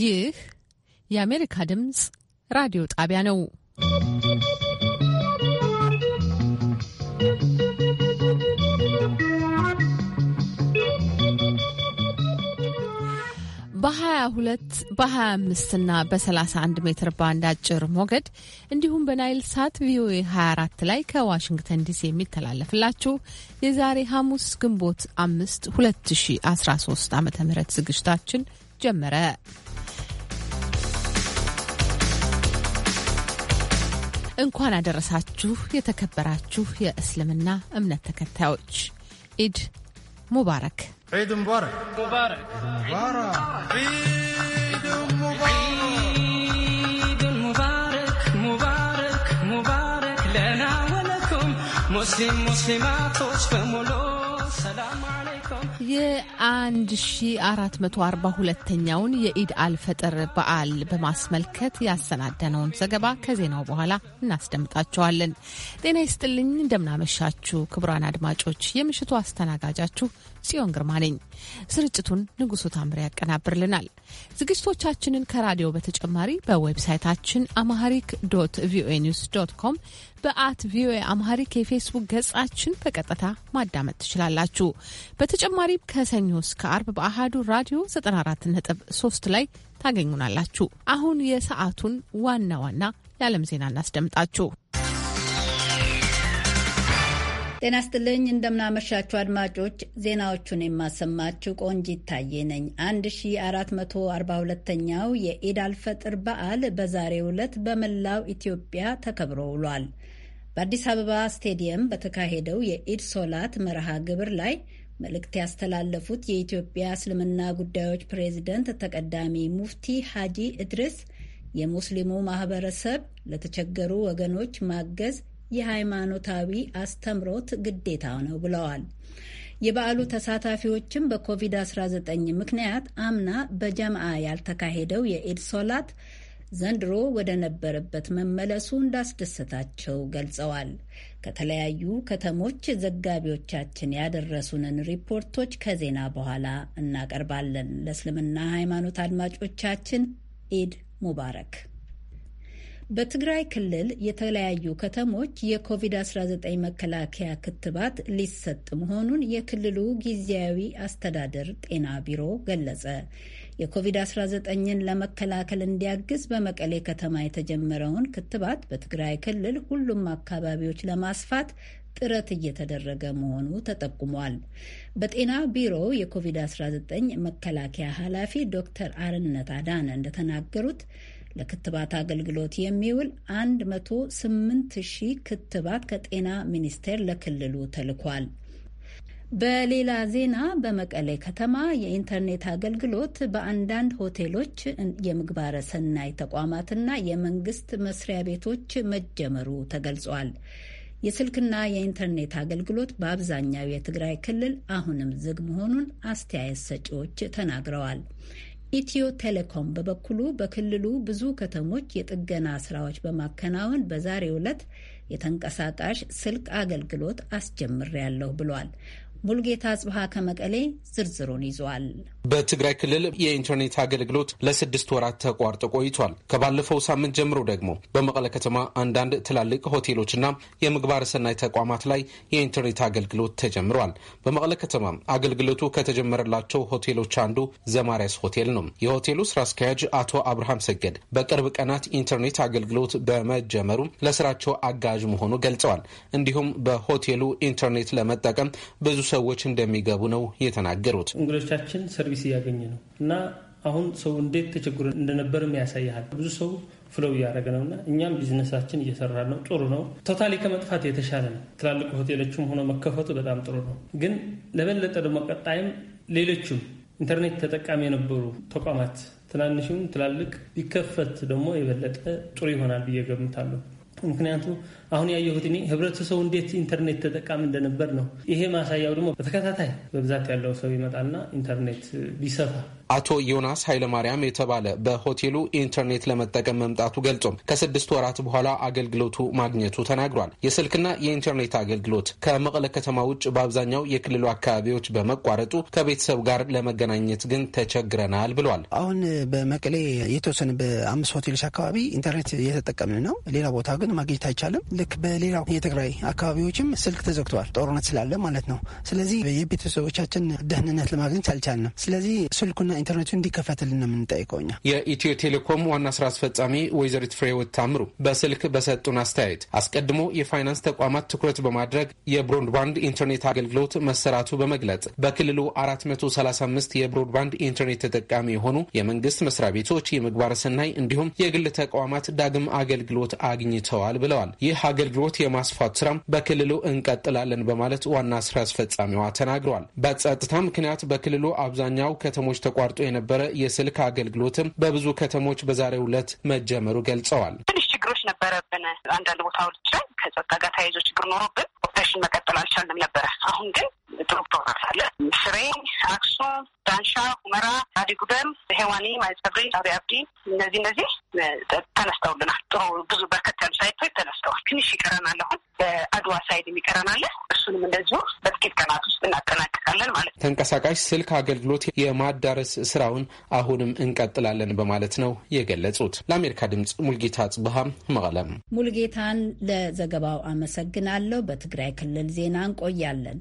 ይህ የአሜሪካ ድምፅ ራዲዮ ጣቢያ ነው። በ22 በ25 እና በ31 ሜትር ባንድ አጭር ሞገድ እንዲሁም በናይል ሳት ቪኦኤ 24 ላይ ከዋሽንግተን ዲሲ የሚተላለፍላችሁ የዛሬ ሐሙስ ግንቦት 5 2013 ዓ ም ዝግጅታችን ጀመረ። እንኳን አደረሳችሁ የተከበራችሁ የእስልምና እምነት ተከታዮች ኢድ ሙባረክ ኢድ ሙባረክ ሙባረክ ሙባረክ ሙባረክ ሙባረክ ለና ወለኩም ሙስሊም ሙስሊማቶች በሙሉ መቶ አርባ ኛውን የኢድ አልፈጥር በዓል በማስመልከት ያሰናደነውን ዘገባ ከዜናው በኋላ እናስደምጣቸዋለን። ጤና ይስጥልኝ፣ እንደምናመሻችሁ ክቡራን አድማጮች፣ የምሽቱ አስተናጋጃችሁ ጽዮን ግርማ ነኝ። ስርጭቱን ንጉሱ ታምሬ ያቀናብርልናል። ዝግጅቶቻችንን ከራዲዮ በተጨማሪ በዌብሳይታችን አማሃሪክ ዶት ቪኦኤ ኒውስ ዶት ኮም፣ በአት ቪኦኤ አማሃሪክ የፌስቡክ ገጻችን በቀጥታ ማዳመጥ ትችላላችሁ። በተጨማሪም ከሰኞ እስከ አርብ በአህዱ ራዲዮ 94.3 ላይ ታገኙናላችሁ። አሁን የሰዓቱን ዋና ዋና የዓለም ዜና እናስደምጣችሁ። ጤና ስትልኝ እንደምናመሻችሁ አድማጮች፣ ዜናዎቹን የማሰማችሁ ቆንጅ ይታየ ነኝ። 1442ኛው የኢድ አልፈጥር በዓል በዛሬው ዕለት በመላው ኢትዮጵያ ተከብሮ ውሏል። በአዲስ አበባ ስቴዲየም በተካሄደው የኢድ ሶላት መርሃ ግብር ላይ መልእክት ያስተላለፉት የኢትዮጵያ እስልምና ጉዳዮች ፕሬዝደንት ተቀዳሚ ሙፍቲ ሐጂ እድርስ የሙስሊሙ ማህበረሰብ ለተቸገሩ ወገኖች ማገዝ የሃይማኖታዊ አስተምሮት ግዴታ ነው ብለዋል። የበዓሉ ተሳታፊዎችም በኮቪድ-19 ምክንያት አምና በጀምአ ያልተካሄደው የኢድ ሶላት ዘንድሮ ወደ ነበረበት መመለሱ እንዳስደሰታቸው ገልጸዋል። ከተለያዩ ከተሞች ዘጋቢዎቻችን ያደረሱንን ሪፖርቶች ከዜና በኋላ እናቀርባለን። ለእስልምና ሃይማኖት አድማጮቻችን ኢድ ሙባረክ። በትግራይ ክልል የተለያዩ ከተሞች የኮቪድ-19 መከላከያ ክትባት ሊሰጥ መሆኑን የክልሉ ጊዜያዊ አስተዳደር ጤና ቢሮ ገለጸ። የኮቪድ-19ን ለመከላከል እንዲያግዝ በመቀሌ ከተማ የተጀመረውን ክትባት በትግራይ ክልል ሁሉም አካባቢዎች ለማስፋት ጥረት እየተደረገ መሆኑ ተጠቁሟል። በጤና ቢሮ የኮቪድ-19 መከላከያ ኃላፊ ዶክተር አርነት አዳነ እንደተናገሩት ለክትባት አገልግሎት የሚውል 108 ሺህ ክትባት ከጤና ሚኒስቴር ለክልሉ ተልኳል። በሌላ ዜና በመቀሌ ከተማ የኢንተርኔት አገልግሎት በአንዳንድ ሆቴሎች የምግባረ ሰናይ ተቋማትና የመንግስት መስሪያ ቤቶች መጀመሩ ተገልጿል። የስልክና የኢንተርኔት አገልግሎት በአብዛኛው የትግራይ ክልል አሁንም ዝግ መሆኑን አስተያየት ሰጪዎች ተናግረዋል። ኢትዮ ቴሌኮም በበኩሉ በክልሉ ብዙ ከተሞች የጥገና ስራዎች በማከናወን በዛሬው ዕለት የተንቀሳቃሽ ስልክ አገልግሎት አስጀምሬያለሁ ብሏል። ሙልጌታ ጽብሃ ከመቀሌ ዝርዝሩን ይዟል። በትግራይ ክልል የኢንተርኔት አገልግሎት ለስድስት ወራት ተቋርጦ ቆይቷል። ከባለፈው ሳምንት ጀምሮ ደግሞ በመቀለ ከተማ አንዳንድ ትላልቅ ሆቴሎችና የምግባረ ሰናይ ተቋማት ላይ የኢንተርኔት አገልግሎት ተጀምሯል። በመቀለ ከተማ አገልግሎቱ ከተጀመረላቸው ሆቴሎች አንዱ ዘማሪያስ ሆቴል ነው። የሆቴሉ ስራ አስኪያጅ አቶ አብርሃም ሰገድ በቅርብ ቀናት ኢንተርኔት አገልግሎት በመጀመሩ ለስራቸው አጋዥ መሆኑ ገልጸዋል። እንዲሁም በሆቴሉ ኢንተርኔት ለመጠቀም ብዙ ሰዎች እንደሚገቡ ነው የተናገሩት። እንግዶቻችን ሰርቪስ እያገኘ ነው እና አሁን ሰው እንዴት ተቸግሮ እንደነበርም ያሳያል። ብዙ ሰው ፍለው እያደረገ ነው እና እኛም ቢዝነሳችን እየሰራ ነው። ጥሩ ነው። ቶታሊ ከመጥፋት የተሻለ ነው። ትላልቅ ሆቴሎችም ሆኖ መከፈቱ በጣም ጥሩ ነው። ግን ለበለጠ ደግሞ ቀጣይም ሌሎችም ኢንተርኔት ተጠቃሚ የነበሩ ተቋማት ትናንሽም ትላልቅ ቢከፈት ደግሞ የበለጠ ጥሩ ይሆናል ብዬ ገምታለሁ። ምክንያቱ አሁን ያየሁት እኔ ህብረተሰቡ እንዴት ኢንተርኔት ተጠቃሚ እንደነበር ነው። ይሄ ማሳያው ደግሞ በተከታታይ በብዛት ያለው ሰው ይመጣልና ኢንተርኔት ቢሰፋ አቶ ዮናስ ኃይለማርያም የተባለ በሆቴሉ ኢንተርኔት ለመጠቀም መምጣቱ ገልጾም ከስድስት ወራት በኋላ አገልግሎቱ ማግኘቱ ተናግሯል። የስልክና የኢንተርኔት አገልግሎት ከመቀለ ከተማ ውጭ በአብዛኛው የክልሉ አካባቢዎች በመቋረጡ ከቤተሰብ ጋር ለመገናኘት ግን ተቸግረናል ብሏል። አሁን በመቀሌ የተወሰነ በአምስት ሆቴሎች አካባቢ ኢንተርኔት እየተጠቀምን ነው። ሌላ ቦታ ግን ማግኘት አይቻልም። ልክ በሌላው የትግራይ አካባቢዎችም ስልክ ተዘግተዋል፣ ጦርነት ስላለ ማለት ነው። ስለዚህ የቤተሰቦቻችን ደህንነት ለማግኘት አልቻልንም። ስለዚህ ስልኩና ኢንተርኔቱ እንዲከፈትልን ነው የምንጠይቀው እኛ። የኢትዮ ቴሌኮም ዋና ስራ አስፈጻሚ ወይዘሪት ፍሬህይወት ታምሩ በስልክ በሰጡን አስተያየት አስቀድሞ የፋይናንስ ተቋማት ትኩረት በማድረግ የብሮድባንድ ኢንተርኔት አገልግሎት መሰራቱ በመግለጽ በክልሉ 435 የብሮድባንድ ኢንተርኔት ተጠቃሚ የሆኑ የመንግስት መስሪያ ቤቶች፣ የምግባረ ሰናይ እንዲሁም የግል ተቋማት ዳግም አገልግሎት አግኝተዋል ብለዋል። ይህ አገልግሎት የማስፋት ስራም በክልሉ እንቀጥላለን በማለት ዋና ስራ አስፈጻሚዋ ተናግረዋል። በጸጥታ ምክንያት በክልሉ አብዛኛው ከተሞች ተቋርጦ የነበረ የስልክ አገልግሎትም በብዙ ከተሞች በዛሬው ዕለት መጀመሩ ገልጸዋል። ትንሽ ችግሮች ነበረብን። አንዳንድ ቦታዎች ላይ ከጸጥታ ጋር ተያይዞ ችግር ኖሮብን ኦፕሬሽን መቀጠል አልቻልንም ነበረ። አሁን ግን ጥሩ አለ። ስሬ፣ አክሱም፣ ዳንሻ፣ ሁመራ፣ አዲጉደም፣ ሄዋኒ፣ ማይጸብሪ፣ አቤ አብዲ እነዚህ እነዚህ ተነስተውልናል። ጥሩ ብዙ በርከት ያሉ ሳይቶች ተነስተዋል። ትንሽ ይቀረናል። አሁን በአድዋ ሳይድ የሚቀረናል። እሱንም እንደዚሁ በጥቂት ቀናት ውስጥ እናጠናቀቃለን ማለት ነው። ተንቀሳቃሽ ስልክ አገልግሎት የማዳረስ ስራውን አሁንም እንቀጥላለን በማለት ነው የገለጹት። ለአሜሪካ ድምጽ ሙልጌታ ጽብሃም መቀለም። ሙልጌታን ለዘገባው አመሰግናለሁ። በትግራይ ክልል ዜና እንቆያለን።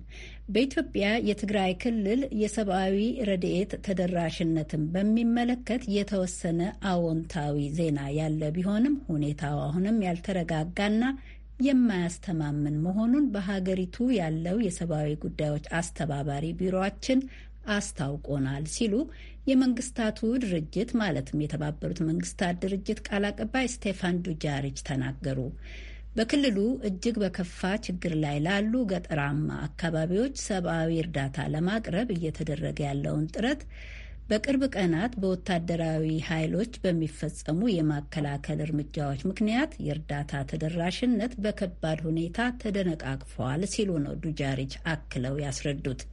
በኢትዮጵያ የትግራይ ክልል የሰብአዊ ረድኤት ተደራሽነትን በሚመለከት የተወሰነ አዎንታዊ ዜና ያለ ቢሆንም ሁኔታው አሁንም ያልተረጋጋና የማያስተማምን መሆኑን በሀገሪቱ ያለው የሰብአዊ ጉዳዮች አስተባባሪ ቢሮችን አስታውቆናል ሲሉ የመንግስታቱ ድርጅት ማለትም የተባበሩት መንግስታት ድርጅት ቃል አቀባይ ስቴፋን ዱጃሪች ተናገሩ። በክልሉ እጅግ በከፋ ችግር ላይ ላሉ ገጠራማ አካባቢዎች ሰብአዊ እርዳታ ለማቅረብ እየተደረገ ያለውን ጥረት በቅርብ ቀናት በወታደራዊ ኃይሎች በሚፈጸሙ የማከላከል እርምጃዎች ምክንያት የእርዳታ ተደራሽነት በከባድ ሁኔታ ተደነቃቅፏል ሲሉ ነው ዱጃሪች አክለው ያስረዱት።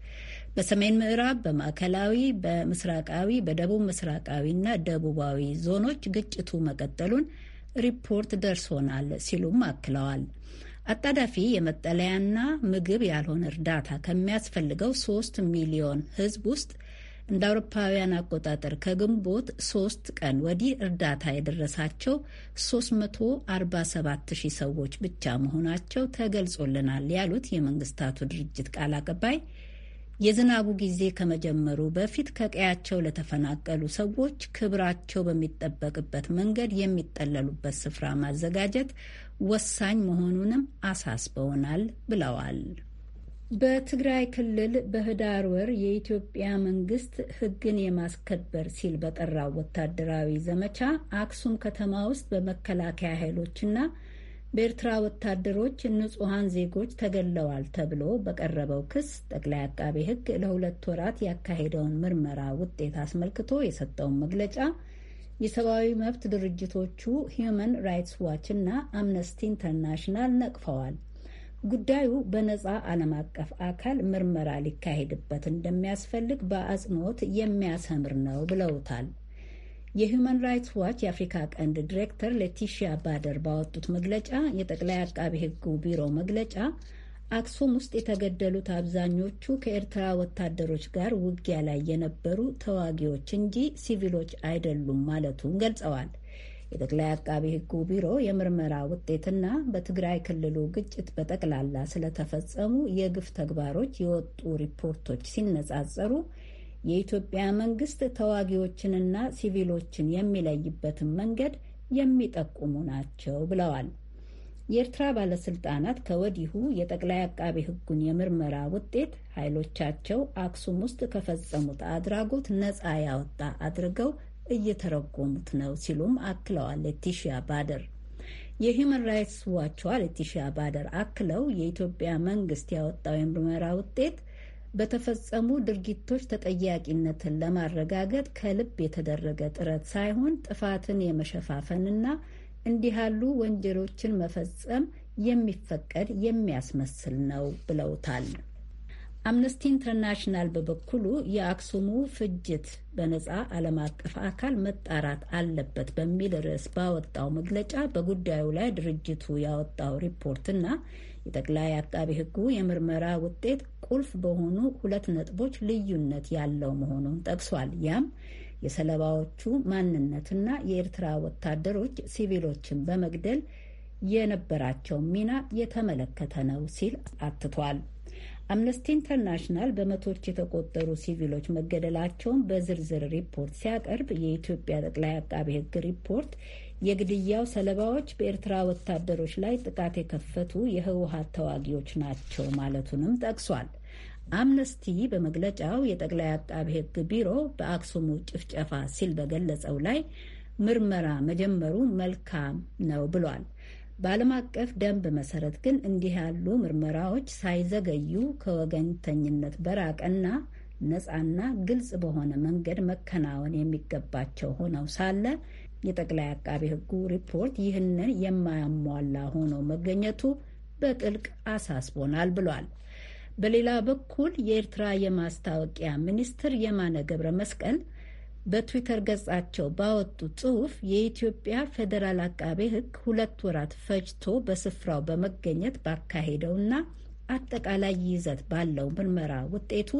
በሰሜን ምዕራብ፣ በማዕከላዊ፣ በምስራቃዊ፣ በደቡብ ምስራቃዊና ደቡባዊ ዞኖች ግጭቱ መቀጠሉን ሪፖርት ደርሶናል ሲሉም አክለዋል። አጣዳፊ የመጠለያና ምግብ ያልሆነ እርዳታ ከሚያስፈልገው ሶስት ሚሊዮን ህዝብ ውስጥ እንደ አውሮፓውያን አቆጣጠር ከግንቦት ሶስት ቀን ወዲህ እርዳታ የደረሳቸው 347 ሺህ ሰዎች ብቻ መሆናቸው ተገልጾልናል ያሉት የመንግስታቱ ድርጅት ቃል አቀባይ የዝናቡ ጊዜ ከመጀመሩ በፊት ከቀያቸው ለተፈናቀሉ ሰዎች ክብራቸው በሚጠበቅበት መንገድ የሚጠለሉበት ስፍራ ማዘጋጀት ወሳኝ መሆኑንም አሳስበውናል ብለዋል። በትግራይ ክልል በህዳር ወር የኢትዮጵያ መንግስት ህግን የማስከበር ሲል በጠራው ወታደራዊ ዘመቻ አክሱም ከተማ ውስጥ በመከላከያ ኃይሎችና በኤርትራ ወታደሮች ንጹሐን ዜጎች ተገለዋል ተብሎ በቀረበው ክስ ጠቅላይ አቃቤ ሕግ ለሁለት ወራት ያካሄደውን ምርመራ ውጤት አስመልክቶ የሰጠውን መግለጫ የሰብአዊ መብት ድርጅቶቹ ሂዩማን ራይትስ ዋች እና አምነስቲ ኢንተርናሽናል ነቅፈዋል። ጉዳዩ በነፃ ዓለም አቀፍ አካል ምርመራ ሊካሄድበት እንደሚያስፈልግ በአጽንኦት የሚያሰምር ነው ብለውታል። የሁማን ራይትስ ዋች የአፍሪካ ቀንድ ዲሬክተር ሌቲሺያ ባደር ባወጡት መግለጫ የጠቅላይ አቃቤ ሕጉ ቢሮ መግለጫ አክሱም ውስጥ የተገደሉት አብዛኞቹ ከኤርትራ ወታደሮች ጋር ውጊያ ላይ የነበሩ ተዋጊዎች እንጂ ሲቪሎች አይደሉም ማለቱን ገልጸዋል። የጠቅላይ አቃቤ ሕጉ ቢሮ የምርመራ ውጤትና በትግራይ ክልሉ ግጭት በጠቅላላ ስለተፈጸሙ የግፍ ተግባሮች የወጡ ሪፖርቶች ሲነጻጸሩ የኢትዮጵያ መንግስት ተዋጊዎችንና ሲቪሎችን የሚለይበትን መንገድ የሚጠቁሙ ናቸው ብለዋል። የኤርትራ ባለስልጣናት ከወዲሁ የጠቅላይ አቃቤ ሕጉን የምርመራ ውጤት ኃይሎቻቸው አክሱም ውስጥ ከፈጸሙት አድራጎት ነጻ ያወጣ አድርገው እየተረጎሙት ነው ሲሉም አክለዋል ሌቲሽያ ባደር። የሂውማን ራይትስ ዋቿ ሌቲሽያ ባደር አክለው የኢትዮጵያ መንግስት ያወጣው የምርመራ ውጤት በተፈጸሙ ድርጊቶች ተጠያቂነትን ለማረጋገጥ ከልብ የተደረገ ጥረት ሳይሆን ጥፋትን የመሸፋፈንና እንዲህ ያሉ ወንጀሎችን መፈጸም የሚፈቀድ የሚያስመስል ነው ብለውታል። አምነስቲ ኢንተርናሽናል በበኩሉ የአክሱሙ ፍጅት በነጻ ዓለም አቀፍ አካል መጣራት አለበት በሚል ርዕስ ባወጣው መግለጫ በጉዳዩ ላይ ድርጅቱ ያወጣው ሪፖርትና የጠቅላይ አቃቢ ሕጉ የምርመራ ውጤት ቁልፍ በሆኑ ሁለት ነጥቦች ልዩነት ያለው መሆኑን ጠቅሷል። ያም የሰለባዎቹ ማንነትና የኤርትራ ወታደሮች ሲቪሎችን በመግደል የነበራቸው ሚና የተመለከተ ነው ሲል አትቷል። አምነስቲ ኢንተርናሽናል በመቶዎች የተቆጠሩ ሲቪሎች መገደላቸውን በዝርዝር ሪፖርት ሲያቀርብ የኢትዮጵያ ጠቅላይ አቃቤ ሕግ ሪፖርት የግድያው ሰለባዎች በኤርትራ ወታደሮች ላይ ጥቃት የከፈቱ የህወሀት ተዋጊዎች ናቸው ማለቱንም ጠቅሷል። አምነስቲ በመግለጫው የጠቅላይ አቃቢ ሕግ ቢሮ በአክሱሙ ጭፍጨፋ ሲል በገለጸው ላይ ምርመራ መጀመሩ መልካም ነው ብሏል። በዓለም አቀፍ ደንብ መሰረት ግን እንዲህ ያሉ ምርመራዎች ሳይዘገዩ ከወገንተኝነት በራቀና ነፃና ግልጽ በሆነ መንገድ መከናወን የሚገባቸው ሆነው ሳለ የጠቅላይ አቃቤ ሕጉ ሪፖርት ይህንን የማያሟላ ሆኖ መገኘቱ በጥልቅ አሳስቦናል ብሏል። በሌላ በኩል የኤርትራ የማስታወቂያ ሚኒስትር የማነ ገብረ መስቀል በትዊተር ገጻቸው ባወጡት ጽሑፍ የኢትዮጵያ ፌዴራል አቃቤ ሕግ ሁለት ወራት ፈጅቶ በስፍራው በመገኘት ባካሄደውና አጠቃላይ ይዘት ባለው ምርመራ ውጤቱ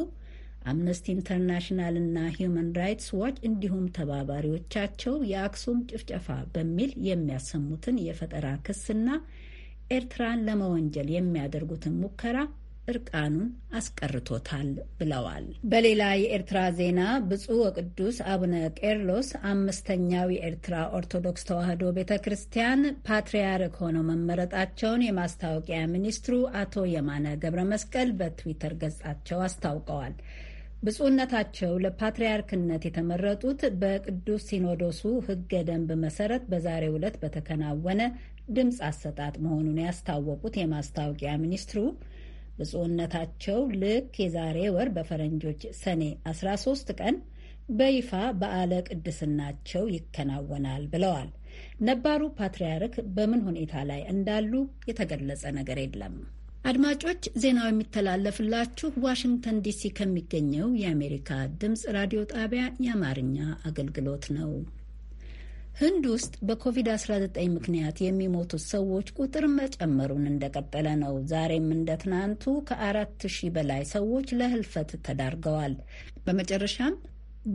አምነስቲ ኢንተርናሽናል እና ሂዩማን ራይትስ ዋች እንዲሁም ተባባሪዎቻቸው የአክሱም ጭፍጨፋ በሚል የሚያሰሙትን የፈጠራ ክስና ኤርትራን ለመወንጀል የሚያደርጉትን ሙከራ እርቃኑን አስቀርቶታል ብለዋል። በሌላ የኤርትራ ዜና ብፁዕ ወቅዱስ አቡነ ቄርሎስ አምስተኛው የኤርትራ ኦርቶዶክስ ተዋሕዶ ቤተ ክርስቲያን ፓትርያርክ ሆነው መመረጣቸውን የማስታወቂያ ሚኒስትሩ አቶ የማነ ገብረ መስቀል በትዊተር ገጻቸው አስታውቀዋል። ብፁዕነታቸው ለፓትርያርክነት የተመረጡት በቅዱስ ሲኖዶሱ ሕገ ደንብ መሰረት በዛሬው ዕለት በተከናወነ ድምፅ አሰጣጥ መሆኑን ያስታወቁት የማስታወቂያ ሚኒስትሩ ብፁዕነታቸው ልክ የዛሬ ወር በፈረንጆች ሰኔ 13 ቀን በይፋ በዓለ ቅድስናቸው ይከናወናል ብለዋል። ነባሩ ፓትርያርክ በምን ሁኔታ ላይ እንዳሉ የተገለጸ ነገር የለም። አድማጮች ዜናው የሚተላለፍላችሁ ዋሽንግተን ዲሲ ከሚገኘው የአሜሪካ ድምፅ ራዲዮ ጣቢያ የአማርኛ አገልግሎት ነው። ህንድ ውስጥ በኮቪድ-19 ምክንያት የሚሞቱት ሰዎች ቁጥር መጨመሩን እንደቀጠለ ነው። ዛሬም እንደ ትናንቱ ከአራት ሺህ በላይ ሰዎች ለህልፈት ተዳርገዋል። በመጨረሻም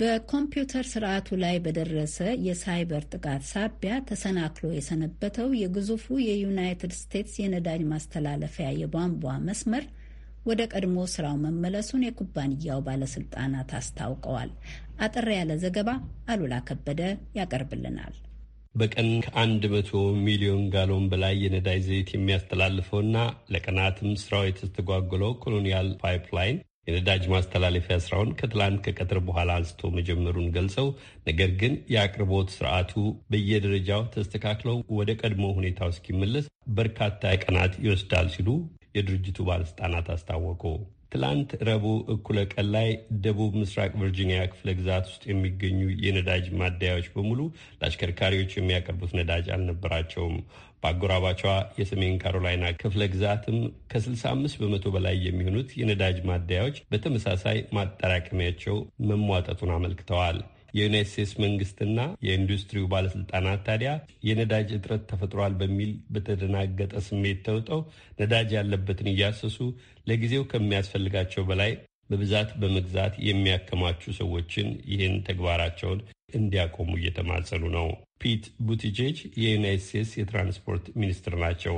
በኮምፒውተር ስርዓቱ ላይ በደረሰ የሳይበር ጥቃት ሳቢያ ተሰናክሎ የሰነበተው የግዙፉ የዩናይትድ ስቴትስ የነዳጅ ማስተላለፊያ የቧንቧ መስመር ወደ ቀድሞ ስራው መመለሱን የኩባንያው ባለስልጣናት አስታውቀዋል። አጠር ያለ ዘገባ አሉላ ከበደ ያቀርብልናል። በቀን ከአንድ መቶ ሚሊዮን ጋሎን በላይ የነዳጅ ዘይት የሚያስተላልፈውና ለቀናትም ስራው የተስተጓጎለው ኮሎኒያል ፓይፕላይን የነዳጅ ማስተላለፊያ ስራውን ከትላንት ከቀትር በኋላ አንስቶ መጀመሩን ገልጸው፣ ነገር ግን የአቅርቦት ስርዓቱ በየደረጃው ተስተካክለው ወደ ቀድሞ ሁኔታው እስኪመለስ በርካታ ቀናት ይወስዳል ሲሉ የድርጅቱ ባለስልጣናት አስታወቁ። ትላንት ረቡዕ እኩለ ቀን ላይ ደቡብ ምስራቅ ቨርጂኒያ ክፍለ ግዛት ውስጥ የሚገኙ የነዳጅ ማደያዎች በሙሉ ለአሽከርካሪዎች የሚያቀርቡት ነዳጅ አልነበራቸውም። በአጎራባቿ የሰሜን ካሮላይና ክፍለ ግዛትም ከ65 በመቶ በላይ የሚሆኑት የነዳጅ ማደያዎች በተመሳሳይ ማጠራቀሚያቸው መሟጠጡን አመልክተዋል። የዩናይት ስቴትስ መንግስትና የኢንዱስትሪው ባለስልጣናት ታዲያ የነዳጅ እጥረት ተፈጥሯል በሚል በተደናገጠ ስሜት ተውጠው ነዳጅ ያለበትን እያሰሱ ለጊዜው ከሚያስፈልጋቸው በላይ በብዛት በመግዛት የሚያከማቹ ሰዎችን ይህን ተግባራቸውን እንዲያቆሙ እየተማጸኑ ነው። ፒት ቡቲጄጅ የዩናይት ስቴትስ የትራንስፖርት ሚኒስትር ናቸው።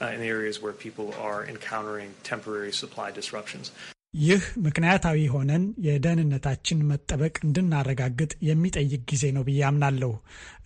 in the areas where people are encountering temporary supply disruptions. ይህ ምክንያታዊ ሆነን የደህንነታችን መጠበቅ እንድናረጋግጥ የሚጠይቅ ጊዜ ነው ብዬ አምናለሁ።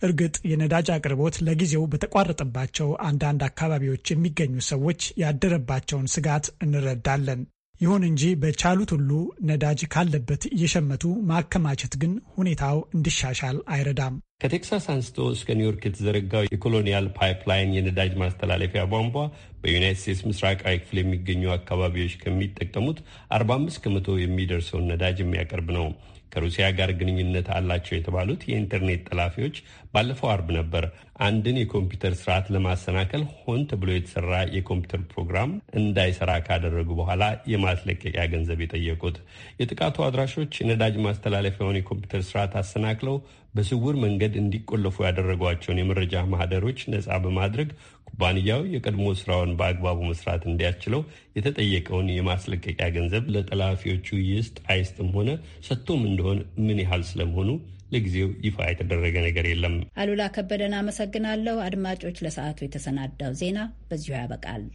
እርግጥ የነዳጅ አቅርቦት ለጊዜው በተቋረጠባቸው አንዳንድ አካባቢዎች የሚገኙ ሰዎች ያደረባቸውን ስጋት እንረዳለን። ይሁን እንጂ በቻሉት ሁሉ ነዳጅ ካለበት እየሸመቱ ማከማቸት ግን ሁኔታው እንዲሻሻል አይረዳም። ከቴክሳስ አንስቶ እስከ ኒውዮርክ የተዘረጋው የኮሎኒያል ፓይፕላይን የነዳጅ ማስተላለፊያ ቧንቧ በዩናይት ስቴትስ ምስራቃዊ ክፍል የሚገኙ አካባቢዎች ከሚጠቀሙት 45 ከመቶ የሚደርሰውን ነዳጅ የሚያቀርብ ነው። ከሩሲያ ጋር ግንኙነት አላቸው የተባሉት የኢንተርኔት ጠላፊዎች ባለፈው አርብ ነበር አንድን የኮምፒውተር ስርዓት ለማሰናከል ሆን ተብሎ የተሰራ የኮምፒውተር ፕሮግራም እንዳይሰራ ካደረጉ በኋላ የማስለቀቂያ ገንዘብ የጠየቁት። የጥቃቱ አድራሾች ነዳጅ ማስተላለፊያውን የኮምፒውተር ስርዓት አሰናክለው በስውር መንገድ እንዲቆለፉ ያደረጓቸውን የመረጃ ማህደሮች ነጻ በማድረግ ኩባንያው የቀድሞ ስራውን በአግባቡ መስራት እንዲያስችለው የተጠየቀውን የማስለቀቂያ ገንዘብ ለጠላፊዎቹ ይስጥ አይስጥም ሆነ ሰጥቶም እንደሆን ምን ያህል ስለመሆኑ ለጊዜው ይፋ የተደረገ ነገር የለም። አሉላ ከበደን አመሰግናለሁ። አድማጮች፣ ለሰዓቱ የተሰናዳው ዜና በዚሁ ያበቃል።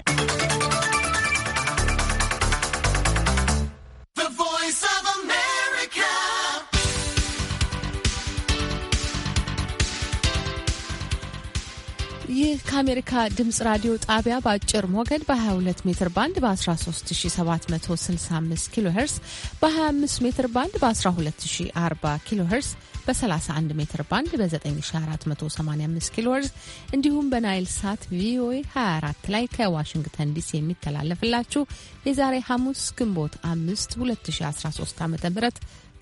ይህ ከአሜሪካ ድምጽ ራዲዮ ጣቢያ በአጭር ሞገድ በ22 ሜትር ባንድ በ13765 ኪሎ ሄርስ በ25 ሜትር ባንድ በ1240 ኪሎ ሄርስ በ31 ሜትር ባንድ በ9485 ኪሎ ሄርስ እንዲሁም በናይል ሳት ቪኦኤ 24 ላይ ከዋሽንግተን ዲሲ የሚተላለፍላችሁ የዛሬ ሐሙስ ግንቦት 5 2013 ም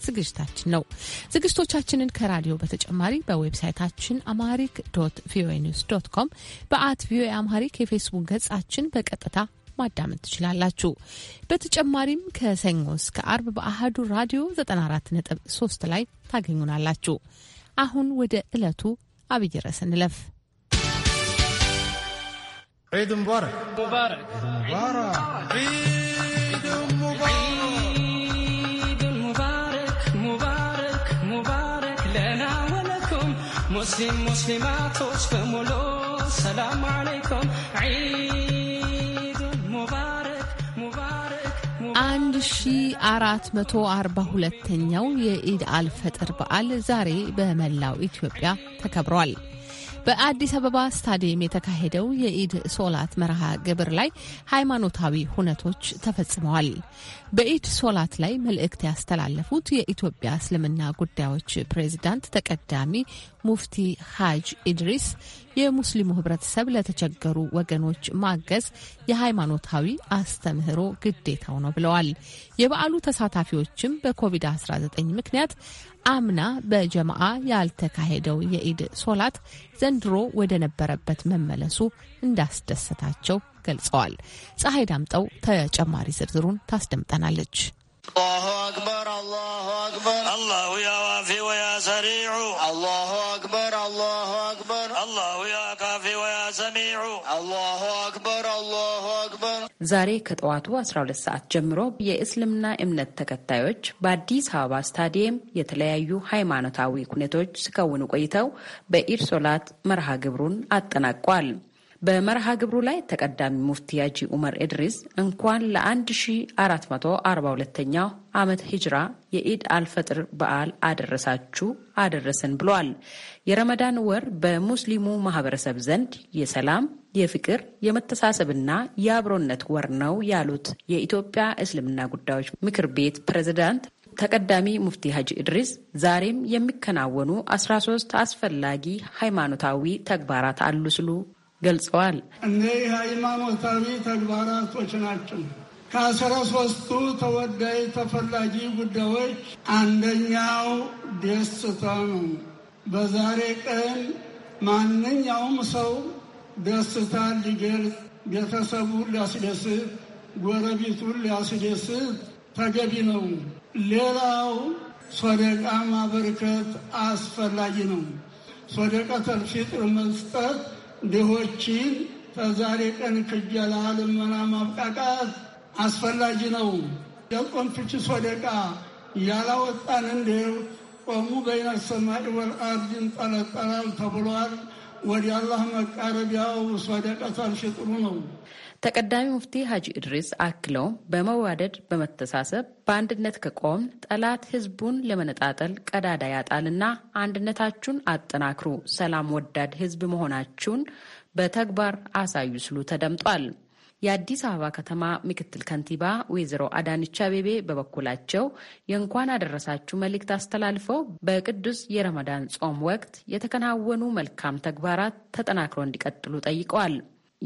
ዝግጅታችን ነው። ዝግጅቶቻችንን ከራዲዮ በተጨማሪ በዌብሳይታችን አማሪክ ዶት ቪኦኤ ኒውስ ዶት ኮም፣ በአት ቪኦኤ አማሪክ የፌስቡክ ገጻችን በቀጥታ ማዳመጥ ትችላላችሁ። በተጨማሪም ከሰኞ እስከ አርብ በአህዱ ራዲዮ 94.3 ላይ ታገኙናላችሁ። አሁን ወደ ዕለቱ አብይ ርዕስ እንለፍ። ዒድ ሙባረክ ሙባረክ ሙባረክ ሙስሊም ሙስሊማቶች በሙሉ ሰላም አለይኩም ዒዱን ሙባረክ ሙባረክ። አንድ ሺ አራት መቶ አርባ ሁለተኛው የኢድ አልፈጥር በዓል ዛሬ በመላው ኢትዮጵያ ተከብሯል። በአዲስ አበባ ስታዲየም የተካሄደው የኢድ ሶላት መርሃ ግብር ላይ ሃይማኖታዊ ሁነቶች ተፈጽመዋል። በኢድ ሶላት ላይ መልእክት ያስተላለፉት የኢትዮጵያ እስልምና ጉዳዮች ፕሬዚዳንት ተቀዳሚ ሙፍቲ ሀጅ ኢድሪስ የሙስሊሙ ህብረተሰብ ለተቸገሩ ወገኖች ማገዝ የሃይማኖታዊ አስተምህሮ ግዴታው ነው ብለዋል። የበዓሉ ተሳታፊዎችም በኮቪድ-19 ምክንያት አምና በጀማአ ያልተካሄደው የኢድ ሶላት ዘንድሮ ወደ ነበረበት መመለሱ እንዳስደሰታቸው ገልጸዋል። ፀሐይ ዳምጠው ተጨማሪ ዝርዝሩን ታስደምጠናለች። الله أكبر الله أكبر الله يا ዛሬ ከጠዋቱ 12 ሰዓት ጀምሮ የእስልምና እምነት ተከታዮች በአዲስ አበባ ስታዲየም የተለያዩ ሃይማኖታዊ ኩነቶች ሲከውኑ ቆይተው በኢድ ሶላት መርሃ ግብሩን አጠናቋል። በመርሃ ግብሩ ላይ ተቀዳሚ ሙፍቲ ያጂ ኡመር ኤድሪስ እንኳን ለ1442ኛው ዓመት ሂጅራ የኢድ አልፈጥር በዓል አደረሳችሁ አደረሰን ብለዋል። የረመዳን ወር በሙስሊሙ ማህበረሰብ ዘንድ የሰላም፣ የፍቅር፣ የመተሳሰብና የአብሮነት ወር ነው ያሉት የኢትዮጵያ እስልምና ጉዳዮች ምክር ቤት ፕሬዝዳንት ተቀዳሚ ሙፍቲ ሀጂ እድሪስ ዛሬም የሚከናወኑ 13 አስፈላጊ ሃይማኖታዊ ተግባራት አሉ ስሉ ገልጸዋል። እነዚህ ሃይማኖታዊ ተግባራቶች ናቸው። ከአስራ ሶስቱ ተወዳጅ ተፈላጊ ጉዳዮች አንደኛው ደስታ ነው። በዛሬ ቀን ማንኛውም ሰው ደስታ ሊገልጽ፣ ቤተሰቡን ሊያስደስት፣ ጎረቤቱን ሊያስደስት ተገቢ ነው። ሌላው ሶደቃ ማበርከት አስፈላጊ ነው። ሶደቀተል ፊጥር መስጠት ድሆችን ከዛሬ ቀን ክጀላ ልመና ማብቃቃት አስፈላጊ ነው። የቆንፍች ሶደቃ ያላወጣን እንዴው ቆሙ በይነ ሰማይ ወልአርድ ይንጠለጠላል ተብሏል። ወዲ አላህ መቃረቢያው ሶደቀተል ጥሩ ነው። ተቀዳሚ ሙፍቲ ሀጂ እድሪስ አክለውም በመዋደድ በመተሳሰብ በአንድነት ከቆም ጠላት ህዝቡን ለመነጣጠል ቀዳዳ ያጣልና አንድነታችሁን አጠናክሩ፣ ሰላም ወዳድ ህዝብ መሆናችሁን በተግባር አሳዩ ስሉ ተደምጧል። የአዲስ አበባ ከተማ ምክትል ከንቲባ ወይዘሮ አዳንቻ አቤቤ በበኩላቸው የእንኳን አደረሳችሁ መልእክት አስተላልፈው በቅዱስ የረመዳን ጾም ወቅት የተከናወኑ መልካም ተግባራት ተጠናክሮ እንዲቀጥሉ ጠይቀዋል።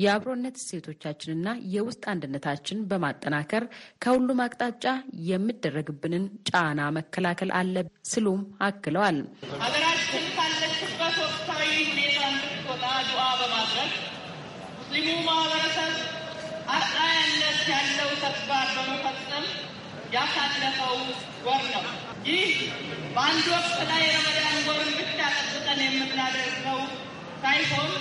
የአብሮነት እሴቶቻችንና የውስጥ አንድነታችን በማጠናከር ከሁሉም አቅጣጫ የሚደረግብንን ጫና መከላከል አለ ስሉም አክለዋል። ሀገራችን ካለችበት ወቅታዊ ሁኔታ እንድትወጣ ዱዓ በማድረግ ሙስሊሙ ማህበረሰብ ያለው ተግባር በመፈጸም ያሳለፈው ወር ነው። ይህ በአንድ ወቅት ላይ ረመዳን ወርን ብቻ ጠብቀን የምናደርገው ሳይሆን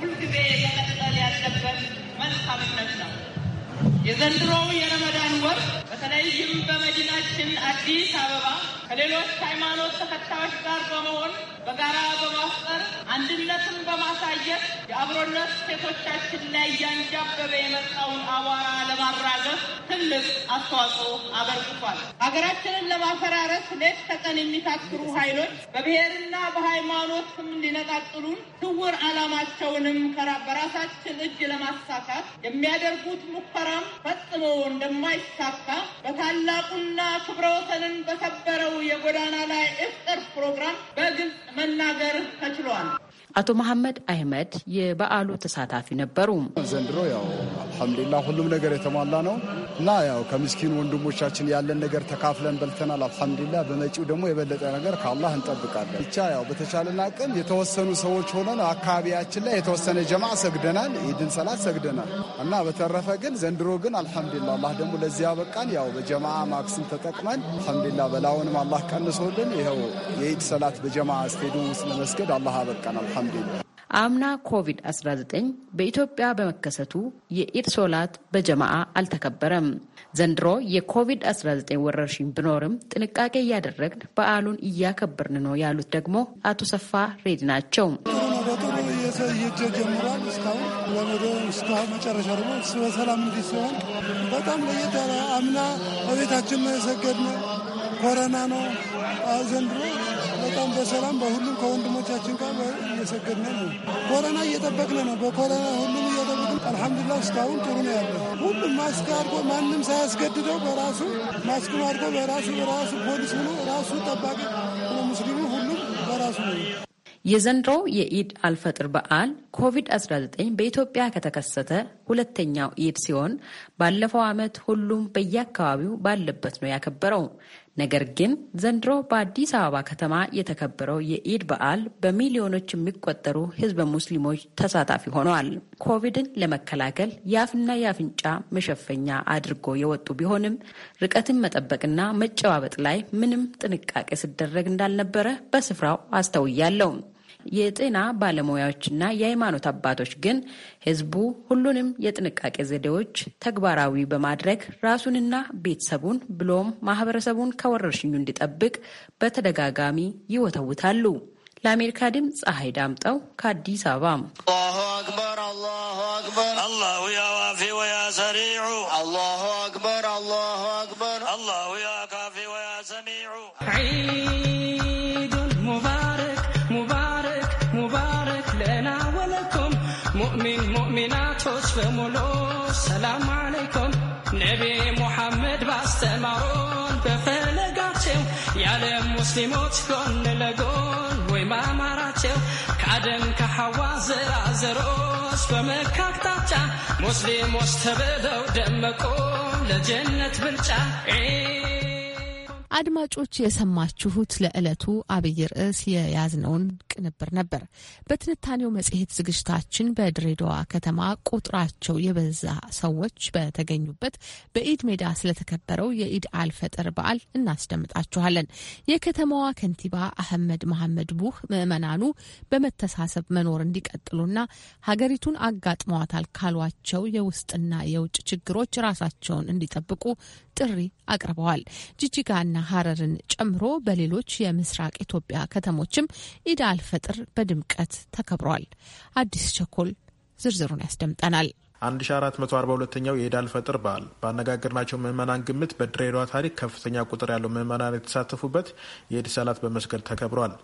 ሁልጊዜ መቀጠል ያለበት መልካምነት ነው። የዘንድሮው የረመዳን ወር በተለይም በመዲናችን አዲስ አበባ ከሌሎች ሃይማኖት ተከታዮች ጋር በመሆን በጋራ በማፍጠር አንድነትን በማሳየት የአብሮነት ሴቶቻችን ላይ እያንጃበበ የመጣውን አቧራ ለማራገፍ ትልቅ አስተዋጽኦ አበርክቷል። ሀገራችንን ለማፈራረስ ሌት ተቀን የሚታክሩ ኃይሎች በብሔርና በሃይማኖት ስም ሊነጣጥሉን ስውር ዓላማቸውንም በራሳችን እጅ ለማሳካት የሚያደርጉት ሙከራም ፈጽሞ እንደማይሳካ በታላቁና ክብረ ወሰንን በሰበረው የጎዳና ላይ እፍጥር ፕሮግራም በግልጽ መናገር ተችሏል። አቶ መሐመድ አህመድ የበዓሉ ተሳታፊ ነበሩ። ዘንድሮ ያው አልሐምዱሊላ ሁሉም ነገር የተሟላ ነው እና ያው ከምስኪን ወንድሞቻችን ያለን ነገር ተካፍለን በልተናል። አልሐምዱሊላ በመጪው ደግሞ የበለጠ ነገር ከአላህ እንጠብቃለን። ብቻ ያው በተቻለን አቅም የተወሰኑ ሰዎች ሆነን አካባቢያችን ላይ የተወሰነ ጀማ ሰግደናል፣ ኢድን ሰላት ሰግደናል እና በተረፈ ግን ዘንድሮ ግን አልሐምዱሊላ አላህ ደግሞ ለዚያ በቃን። ያው በጀማ ማክስም ተጠቅመን አልሐምዱሊላ በላውንም አላህ ቀንሶልን ይኸው የኢድ ሰላት በጀማ ስቴዲየም ውስጥ ለመስገድ አላህ አበቃን። አንዱ ነው። አምና ኮቪድ-19 በኢትዮጵያ በመከሰቱ የኢድ ሶላት በጀማአ አልተከበረም። ዘንድሮ የኮቪድ-19 ወረርሽኝ ቢኖርም ጥንቃቄ እያደረግን በዓሉን እያከበርን ነው ያሉት ደግሞ አቶ ሰፋ ሬድ ናቸው። ጀምሯል እስካሁን ለመዶ እስካሁን መጨረሻ ደግሞ በሰላም እንዲህ ሲሆን በጣም ለየት ያለ አምና በቤታችን ነው ኮረና ነው ዘንድሮ በጣም በሰላም በሁሉም ከወንድሞቻችን ጋር እየሰገድነ ነው። ኮረና እየጠበቅን ነው። በኮረና ሁሉም እየጠበቅን አልሐምዱላ እስካሁን ጥሩ ነው ያለ። ሁሉም ማስክ አድርጎ ማንም ሳያስገድደው በራሱ ማስክ አድርጎ በራሱ በራሱ ፖሊስ ሆኖ ራሱ ጠባቂ ሙስሊሙ ሁሉም በራሱ ነው። የዘንድሮው የኢድ አልፈጥር በዓል ኮቪድ-19 በኢትዮጵያ ከተከሰተ ሁለተኛው ኢድ ሲሆን ባለፈው ዓመት ሁሉም በየአካባቢው ባለበት ነው ያከበረው። ነገር ግን ዘንድሮ በአዲስ አበባ ከተማ የተከበረው የኢድ በዓል በሚሊዮኖች የሚቆጠሩ ሕዝበ ሙስሊሞች ተሳታፊ ሆነዋል። ኮቪድን ለመከላከል የአፍና የአፍንጫ መሸፈኛ አድርጎ የወጡ ቢሆንም ርቀትን መጠበቅና መጨባበጥ ላይ ምንም ጥንቃቄ ሲደረግ እንዳልነበረ በስፍራው አስተውያለሁ። የጤና ባለሙያዎችና የሃይማኖት አባቶች ግን ህዝቡ ሁሉንም የጥንቃቄ ዘዴዎች ተግባራዊ በማድረግ ራሱንና ቤተሰቡን ብሎም ማህበረሰቡን ከወረርሽኙ እንዲጠብቅ በተደጋጋሚ ይወተውታሉ። ለአሜሪካ ድምፅ ፀሐይ ዳምጠው ከአዲስ አበባ ሙስሊሞች ጎን ለጎን ወይ ማማራቸው ከአደም ከሐዋ ዘራዘሮች በመካ አቅጣጫ ሙስሊሞች ተብለው ደመቁ ለጀነት ብልጫ አድማጮች የሰማችሁት ለዕለቱ አብይ ርዕስ የያዝነውን ቅንብር ነበር። በትንታኔው መጽሔት ዝግጅታችን በድሬዳዋ ከተማ ቁጥራቸው የበዛ ሰዎች በተገኙበት በኢድ ሜዳ ስለተከበረው የኢድ አልፈጥር በዓል እናስደምጣችኋለን። የከተማዋ ከንቲባ አህመድ መሐመድ ቡህ ምዕመናኑ በመተሳሰብ መኖር እንዲቀጥሉና ሀገሪቱን አጋጥመዋታል ካሏቸው የውስጥና የውጭ ችግሮች ራሳቸውን እንዲጠብቁ ጥሪ አቅርበዋል። ጂጂጋና ሀረርን ጨምሮ በሌሎች የምስራቅ ኢትዮጵያ ከተሞችም ኢድ አልፈጥር በድምቀት ተከብሯል። አዲስ ቸኮል ዝርዝሩን ያስደምጠናል። 1442ኛው የኢድ አልፈጥር በዓል ባነጋገርናቸው ምዕመናን ግምት በድሬዳዋ ታሪክ ከፍተኛ ቁጥር ያለው ምዕመናን የተሳተፉበት የኢድ ሰላት በመስገድ ተከብሯል።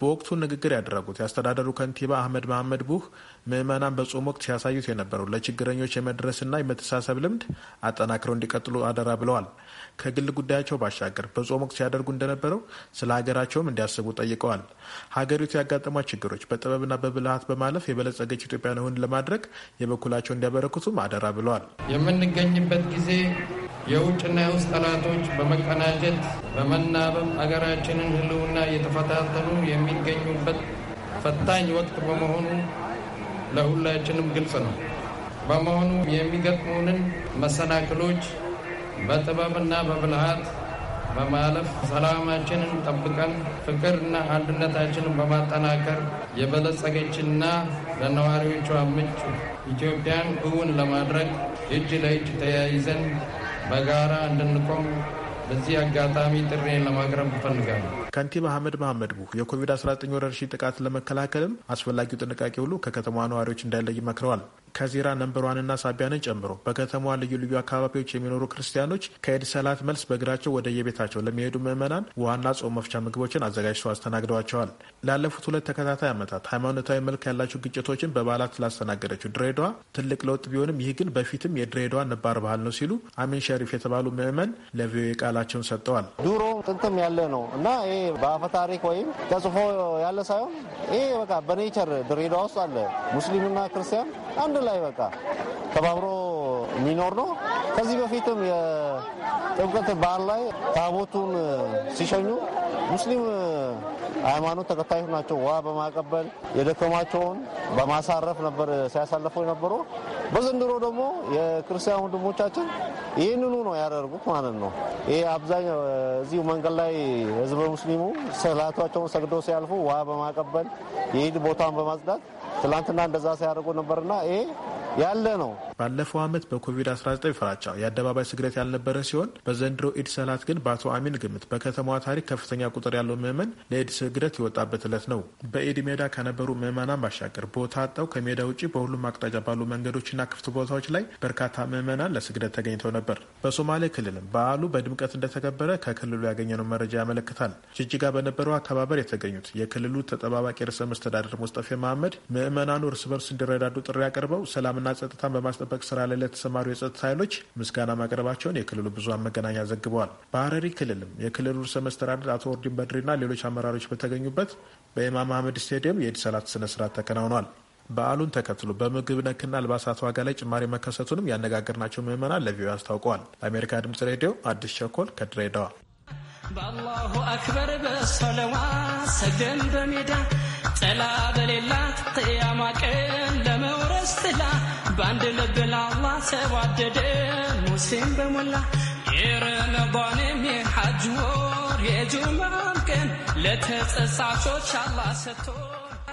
በወቅቱ ንግግር ያደረጉት የአስተዳደሩ ከንቲባ አህመድ መሐመድ ቡህ ምዕመናን በጾም ወቅት ሲያሳዩት የነበረው ለችግረኞች የመድረስና የመተሳሰብ ልምድ አጠናክረው እንዲቀጥሉ አደራ ብለዋል። ከግል ጉዳያቸው ባሻገር በጾም ወቅት ሲያደርጉ እንደነበረው ስለ ሀገራቸውም እንዲያስቡ ጠይቀዋል። ሀገሪቱ ያጋጠሟት ችግሮች በጥበብና በብልሃት በማለፍ የበለጸገች ኢትዮጵያን እውን ለማድረግ የበኩላቸው እንዲያበረክቱም አደራ ብለዋል። የምንገኝበት ጊዜ የውጭና የውስጥ ጠላቶች በመቀናጀት በመናበብ አገራችንን ህልውና እየተፈታተኑ የሚገኙበት ፈታኝ ወቅት በመሆኑ ለሁላችንም ግልጽ ነው። በመሆኑ የሚገጥሙንን መሰናክሎች በጥበብና በብልሃት በማለፍ ሰላማችንን ጠብቀን ፍቅርና አንድነታችንን በማጠናከር የበለጸገችና ለነዋሪዎቿ ምቹ ኢትዮጵያን እውን ለማድረግ እጅ ለእጅ ተያይዘን በጋራ እንድንቆም በዚህ አጋጣሚ ጥሬን ለማቅረብ እፈልጋለሁ። ከንቲባ አህመድ መሐመድ ቡ የኮቪድ-19 ወረርሽኝ ጥቃት ለመከላከልም አስፈላጊው ጥንቃቄ ሁሉ ከከተማዋ ነዋሪዎች እንዳይለይ መክረዋል። ከዜራ ነንበሯንና ሳቢያንን ጨምሮ በከተማዋ ልዩ ልዩ አካባቢዎች የሚኖሩ ክርስቲያኖች ከኤድ ሰላት መልስ በእግራቸው ወደ የቤታቸው ለሚሄዱ ምዕመናን ውሃና ጾም መፍቻ ምግቦችን አዘጋጅተው አስተናግደዋቸዋል። ላለፉት ሁለት ተከታታይ ዓመታት ሃይማኖታዊ መልክ ያላቸው ግጭቶችን በበዓላት ላስተናገደችው ድሬዳዋ ትልቅ ለውጥ ቢሆንም ይህ ግን በፊትም የድሬዳዋ ነባር ባህል ነው ሲሉ አሚን ሸሪፍ የተባሉ ምዕመን ለቪኦኤ ቃላቸውን ሰጥተዋል። ድሮ ጥንትም ያለ ነው እና ይህ በአፈታሪክ ወይም ተጽፎ ያለ ሳይሆን ይሄ በቃ በኔቸር ድሬዳዋ ውስጥ አለ። ሙስሊምና ክርስቲያን አንድ ላይ በቃ ተባብሮ የሚኖር ነው። ከዚህ በፊትም የጥምቀት በዓል ላይ ታቦቱን ሲሸኙ ሙስሊም ሃይማኖት ተከታዮች ናቸው። ውሃ በማቀበል የደከማቸውን በማሳረፍ ነበር ሲያሳለፈው የነበሩ። በዘንድሮ ደግሞ የክርስቲያን ወንድሞቻችን ይህንኑ ነው ያደርጉት ማለት ነው። ይህ አብዛኛው እዚሁ መንገድ ላይ ህዝበ ሙስሊም ሙስሊሙ ሰላቷቸውን ሰግዶ ሲያልፉ ውሃ በማቀበል የኢድ ቦታን በማጽዳት ትላንትና እንደዛ ሲያደርጉ ነበርና ይሄ ያለ ነው። ባለፈው ዓመት በኮቪድ-19 ፍራቻ የአደባባይ ስግደት ያልነበረ ሲሆን በዘንድሮ ኢድ ሰላት ግን በአቶ አሚን ግምት በከተማዋ ታሪክ ከፍተኛ ቁጥር ያለው ምዕመን ለኢድ ስግደት የወጣበት ዕለት ነው። በኢድ ሜዳ ከነበሩ ምዕመናን ባሻገር ቦታ አጣው ከሜዳ ውጭ በሁሉም አቅጣጫ ባሉ መንገዶችና ክፍት ቦታዎች ላይ በርካታ ምዕመናን ለስግደት ተገኝተው ነበር። በሶማሌ ክልልም በዓሉ በድምቀት እንደተከበረ ከክልሉ ያገኘነው መረጃ ያመለክታል። ጅጅጋ በነበረው አከባበር የተገኙት የክልሉ ተጠባባቂ ርዕሰ መስተዳደር ሙስጠፌ መሀመድ ምዕመናኑ እርስ በርስ እንዲረዳዱ ጥሪ አቅርበው ሰላም ሰላምና ጸጥታን በማስጠበቅ ስራ ላይ ለተሰማሩ የጸጥታ ኃይሎች ምስጋና ማቅረባቸውን የክልሉ ብዙሃን መገናኛ ዘግበዋል። በሐረሪ ክልልም የክልሉ ርዕሰ መስተዳድር አቶ ኦርዲን በድሪና ሌሎች አመራሮች በተገኙበት በኢማም አህመድ ስቴዲየም የኢድ ሰላት ስነስርዓት ተከናውኗል። በዓሉን ተከትሎ በምግብ ነክና አልባሳት ዋጋ ላይ ጭማሪ መከሰቱንም ያነጋገርናቸው ምዕመናን ለቪኦኤ አስታውቀዋል። ለአሜሪካ ድምጽ ሬዲዮ አዲስ ቸኮል ከድሬዳዋ። በአላሁ አክበር በሰለዋ ሰገን በሜዳ ጠላ በሌላት ቅያማ ቀን ስላ በአንድ ልብ ለአላህ ተዋደደ ሙስሊም በሞላ የረመዳንም የሐጅ ወር የጁማም ቀን ለተጸሳሾች አላ ሰጥቶ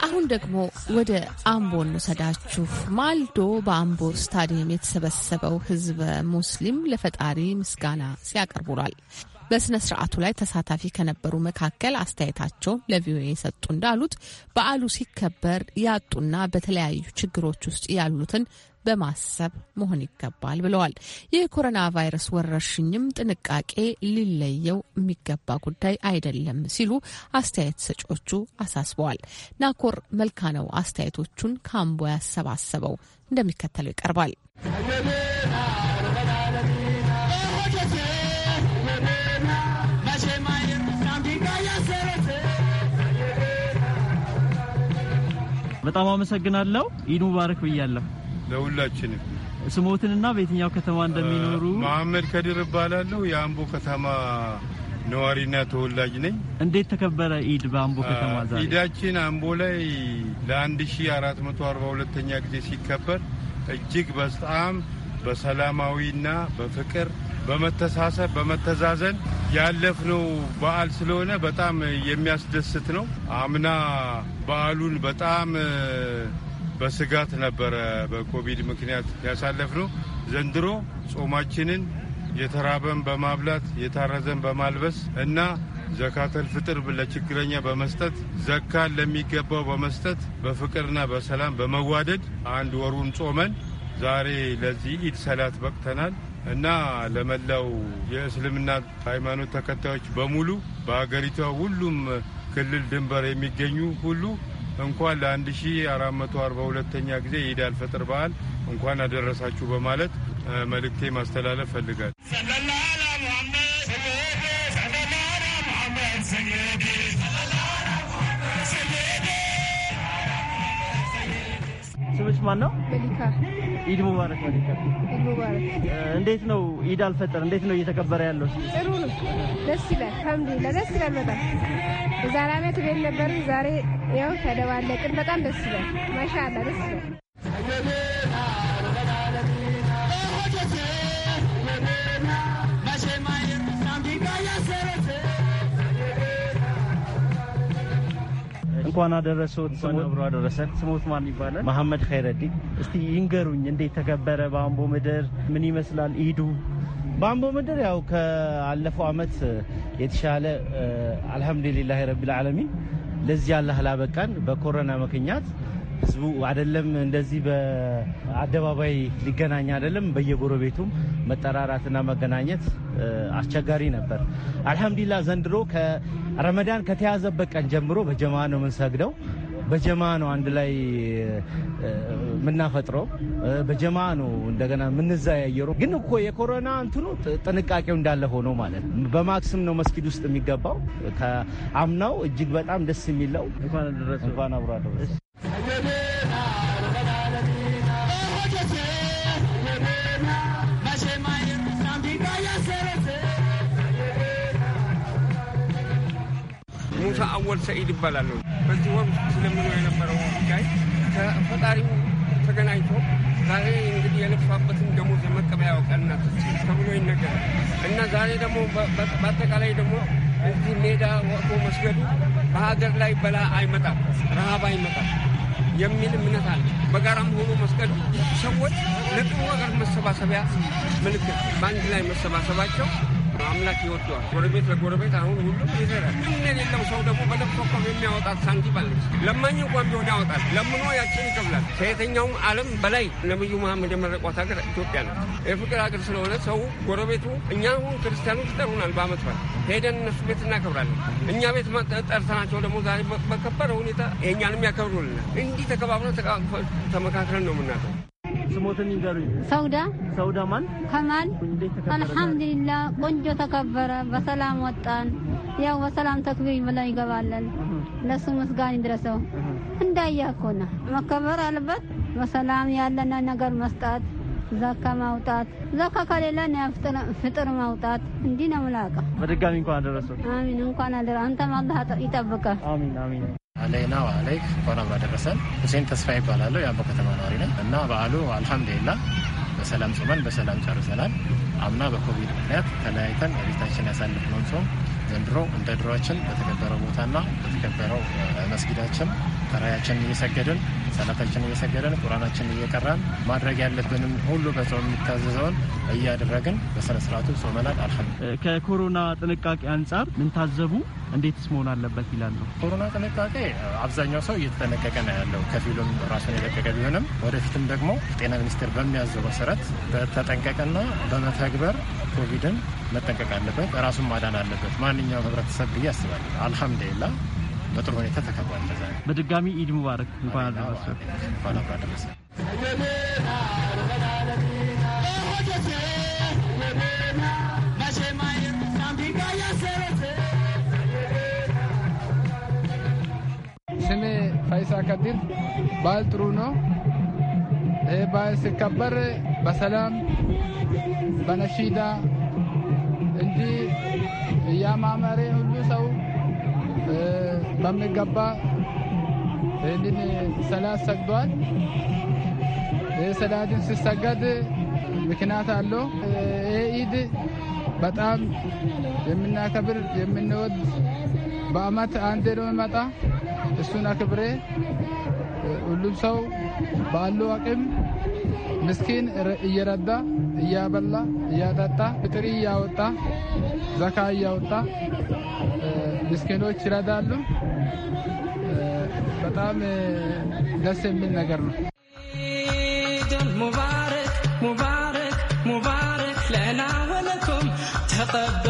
አሁን ደግሞ ወደ አምቦ እንውሰዳችሁ። ማልዶ በአምቦ ስታዲየም የተሰበሰበው ህዝበ ሙስሊም ለፈጣሪ ምስጋና ሲያቀርቡሏል። በስነ ስርዓቱ ላይ ተሳታፊ ከነበሩ መካከል አስተያየታቸው ለቪኦኤ የሰጡ እንዳሉት በዓሉ ሲከበር ያጡና በተለያዩ ችግሮች ውስጥ ያሉትን በማሰብ መሆን ይገባል ብለዋል። የኮሮና ቫይረስ ወረርሽኝም ጥንቃቄ ሊለየው የሚገባ ጉዳይ አይደለም ሲሉ አስተያየት ሰጪዎቹ አሳስበዋል። ናኮር መልካነው አስተያየቶቹን ከአምቦ ያሰባሰበው እንደሚከተለው ይቀርባል። በጣም አመሰግናለሁ። ኢድ ሙባረክ ብያለሁ ለሁላችንም። ስሞትንና በየትኛው ከተማ እንደሚኖሩ መሐመድ ከድር እባላለሁ። የአምቦ ከተማ ነዋሪና ተወላጅ ነኝ። እንዴት ተከበረ ኢድ በአምቦ ከተማ? ዛሬ ኢዳችን አምቦ ላይ ለ አርባ ኛ ጊዜ ሲከበር እጅግ በጣም በሰላማዊና በፍቅር በመተሳሰብ በመተዛዘን ያለፍነው በዓል ስለሆነ በጣም የሚያስደስት ነው። አምና በዓሉን በጣም በስጋት ነበረ በኮቪድ ምክንያት ያሳለፍነው። ዘንድሮ ጾማችንን የተራበን በማብላት የታረዘን በማልበስ እና ዘካተል ፍጥር ለችግረኛ በመስጠት ዘካን ለሚገባው በመስጠት በፍቅርና በሰላም በመዋደድ አንድ ወሩን ጾመን ዛሬ ለዚህ ኢድ ሰላት በቅተናል። እና ለመላው የእስልምና ሃይማኖት ተከታዮች በሙሉ በሀገሪቷ ሁሉም ክልል ድንበር የሚገኙ ሁሉ እንኳን ለ1442ኛ ጊዜ የኢድ አልፈጥር በዓል እንኳን አደረሳችሁ በማለት መልእክቴ ማስተላለፍ ፈልጋል። ስምሽ ማን ነው? መሊካ። ኢድ ሙባረክ መሊካ። ኢድ ሙባረክ። እንዴት ነው ኢድ አልፈጠር እንዴት ነው እየተከበረ ያለው? ጥሩ ነው። ደስ ይላል። አልሐምዱሊላህ ደስ ይላል በጣም። የዛሬ አመት ቤት ነበርን። ዛሬ ያው ተደባለቅን። በጣም ደስ ይላል። ማሻአላ ደስ ይላል። እንኳን አደረሰዎት። ስሞት አደረሰን። ስሞት ማን ይባላል? መሐመድ ኸይረዲን። እስቲ ይንገሩኝ እንዴት ተከበረ? በአምቦ ምድር ምን ይመስላል ኢዱ? በአምቦ ምድር ያው ከአለፈው አመት የተሻለ አልሐምዱሊላህ ረቢል ዓለሚን ለዚህ አላህ ላበቃን በኮረና ምክንያት ህዝቡ አይደለም እንደዚህ በአደባባይ ሊገናኝ አይደለም በየጎረቤቱም መጠራራትና መገናኘት አስቸጋሪ ነበር። አልሐምዱሊላ ዘንድሮ ከረመዳን ከተያዘበት ቀን ጀምሮ በጀማ ነው የምንሰግደው። በጀማ ነው አንድ ላይ የምናፈጥረው፣ በጀማ ነው እንደገና የምንዘያየሩ። ግን እኮ የኮሮና እንትኑ ጥንቃቄው እንዳለ ሆኖ ማለት ነው። በማክስም ነው መስጊድ ውስጥ የሚገባው። ከአምናው እጅግ በጣም ደስ የሚለው እንኳን አብሮ አደረሰ። ሙሳ አወል ሰኢድ ይባላሉ። በዚህ ወቅት ስለምኖ የነበረው ጉዳይ ከፈጣሪው ተገናኝቶ ዛሬ እንግዲህ የለፋበትን ደሞዝ የመቀበያ ቀናት ተብሎ ይነገራል እና ዛሬ ደግሞ በአጠቃላይ ደግሞ እዚህ ሜዳ ወጥቶ መስገዱ በሀገር ላይ በላ አይመጣም፣ ረሃብ አይመጣም የሚል እምነት አለ። በጋራም ሆኖ መስገዱ ሰዎች ለጥሩ ነገር መሰባሰቢያ ምልክት፣ በአንድ ላይ መሰባሰባቸው አምላክ ይወደዋል። ጎረቤት ለጎረቤት አሁን ሁሉም ይሰራል። ምን የሌለው ሰው ደግሞ በለብ ኮከብ የሚያወጣት ሳንቲም አለች። ለማኝ እንኳን ቢሆን ያወጣል። ለምኖ ያችን ይከፍላል። ከየትኛውም ዓለም በላይ ነብዩ መሐመድ የመረቋት ሀገር ኢትዮጵያ ነው። የፍቅር ሀገር ስለሆነ ሰው ጎረቤቱ እኛ አሁን ክርስቲያኖች ይጠሩናል። በአመት በዓል ሄደን እነሱ ቤት እናከብራለን። እኛ ቤት ጠርተናቸው ደግሞ ዛሬ በከበረ ሁኔታ የእኛንም ያከብሩልናል። እንዲህ ተከባብረ ተመካክረን ነው የምናቀው። ስሞትን ይንገሩኝ። ሰውዳ ሰውዳ ማን ከማል አልሐምዱሊላህ፣ ቆንጆ ተከበረ። በሰላም ወጣን። ያው በሰላም ተክቢር ብለን ይገባለን። ለሱ ምስጋን ይድረሰው። እንዳያኮና መከበር አለበት። በሰላም ያለና ነገር መስጣት፣ ዛካ ማውጣት፣ ዛካ ከሌለ ፍጥር ማውጣት። እንዲህ ነው ምላቀ። በድጋሚ እንኳን አደረሰው። አሚን። እንኳን አደረ። አንተም አላህ ይጠብቀ። አሚን አሚን። አለይና አለይ እንኳን አብሮ አደረሰን። ሁሴን ተስፋ ይባላለሁ። የአምቦ ከተማ ነዋሪ ነኝ እና በዓሉ አልሐምዱሊላ በሰላም ጾመን በሰላም ጨርሰናል። አምና በኮቪድ ምክንያት ተለያይተን ቤታችን ያሳለፍነውን ጾም ዘንድሮ እንደ ድሯችን በተከበረው ቦታና በተከበረው መስጊዳችን ተራያችን እየሰገድን ሰላታችን እየሰገድን ቁራናችን እየቀራን ማድረግ ያለብንም ሁሉ በሰው የሚታዘዘውን እያደረግን በስነ ስርዓቱ ጾመናል። አልሐም ከኮሮና ጥንቃቄ አንጻር ምን ታዘቡ? እንዴትስ መሆን አለበት ይላሉ። ኮሮና ጥንቃቄ አብዛኛው ሰው እየተጠነቀቀ ነው ያለው። ከፊሉም ራሱን የለቀቀ ቢሆንም ወደፊትም ደግሞ ጤና ሚኒስቴር በሚያዘው መሰረት በተጠንቀቀና በመተግበር ኮቪድን መጠንቀቅ አለበት፣ ራሱን ማዳን አለበት ማንኛውም ህብረተሰብ ብዬ አስባለሁ። አልሐምዱሊላ በጥሩ ሁኔታ ተከብሯል። በድጋሚ ኢድ ሙባረክ። እንኳን አደረሰ ስሜ ፋይሳ ከዲር። በዓል ጥሩ ነው። ይህ በዓል ሲከበር በሰላም በነሺዳ እንዲህ እያማመረ ሁሉ ሰው በሚገባ ይህንን ሰላት ሰግዷል። ይህ ሰላትን ሲሰገድ ምክንያት አለው። ይህ ኢድ በጣም የምናከብር የምንወድ በአመት አንዴ ነው የሚመጣ። እሱን አክብሬ ሁሉም ሰው ባለው አቅም ምስኪን እየረዳ እያበላ እያጠጣ ፍጥሪ እያወጣ ዘካ እያወጣ ምስኪኖች ይረዳሉ። በጣም ደስ የሚል ነገር ነው። ሙባረክ ሙባረክ ሙባረክ ለና ወለኩም ተቀብ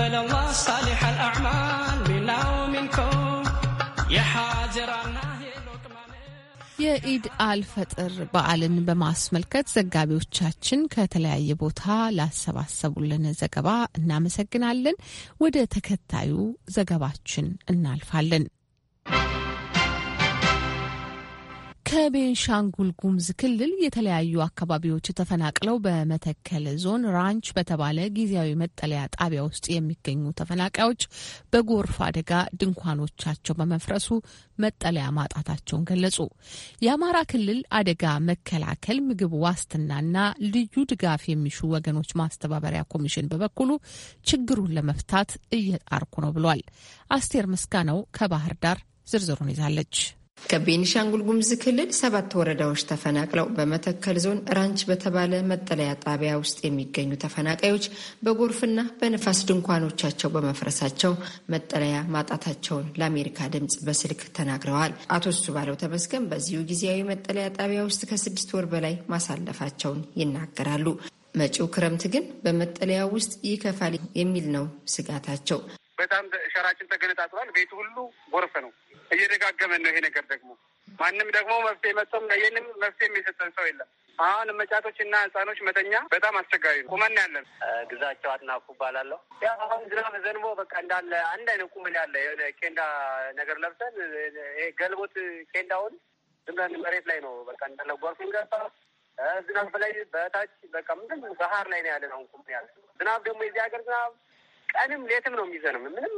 የኢድ አልፈጥር በዓልን በማስመልከት ዘጋቢዎቻችን ከተለያየ ቦታ ላሰባሰቡልን ዘገባ እናመሰግናለን። ወደ ተከታዩ ዘገባችን እናልፋለን። ከቤንሻንጉል ጉሙዝ ክልል የተለያዩ አካባቢዎች ተፈናቅለው በመተከል ዞን ራንች በተባለ ጊዜያዊ መጠለያ ጣቢያ ውስጥ የሚገኙ ተፈናቃዮች በጎርፍ አደጋ ድንኳኖቻቸው በመፍረሱ መጠለያ ማጣታቸውን ገለጹ። የአማራ ክልል አደጋ መከላከል ምግብ ዋስትናና ልዩ ድጋፍ የሚሹ ወገኖች ማስተባበሪያ ኮሚሽን በበኩሉ ችግሩን ለመፍታት እየጣርኩ ነው ብሏል። አስቴር ምስጋናው ከባህር ዳር ዝርዝሩን ይዛለች። ከቤኒሻንጉል ጉሙዝ ክልል ሰባት ወረዳዎች ተፈናቅለው በመተከል ዞን ራንች በተባለ መጠለያ ጣቢያ ውስጥ የሚገኙ ተፈናቃዮች በጎርፍና በንፋስ ድንኳኖቻቸው በመፍረሳቸው መጠለያ ማጣታቸውን ለአሜሪካ ድምፅ በስልክ ተናግረዋል። አቶ እሱ ባለው ተመስገን በዚሁ ጊዜያዊ መጠለያ ጣቢያ ውስጥ ከስድስት ወር በላይ ማሳለፋቸውን ይናገራሉ። መጪው ክረምት ግን በመጠለያ ውስጥ ይከፋል የሚል ነው ስጋታቸው። በጣም ሸራችን ተገነጣጥሏል። ቤቱ ሁሉ ጎርፍ ነው። እየደጋገመን ነው። ይሄ ነገር ደግሞ ማንም ደግሞ መፍትሄ መጥቶም ይህንም መፍትሄ የሚሰጠን ሰው የለም። አሁን መጫቶች እና ህጻኖች መተኛ በጣም አስቸጋሪ ነው። ቁመን ያለን ግዛቸው አጥናፉ እባላለሁ። አሁን ዝናብ ዘንቦ በቃ እንዳለ አንድ አይነት ቁመን ያለ የሆነ ኬንዳ ነገር ለብሰን ይሄ ገልቦት ኬንዳውን ዝም ብለን መሬት ላይ ነው በቃ እንዳለ ጎርፉን ገባ ዝናብ በላይ በታች በቃ ምንድን ባህር ላይ ነው ያለን አሁን ቁመን ያለ ዝናብ ደግሞ የዚህ ሀገር ዝናብ ቀንም ሌትም ነው የሚዘንም ምንም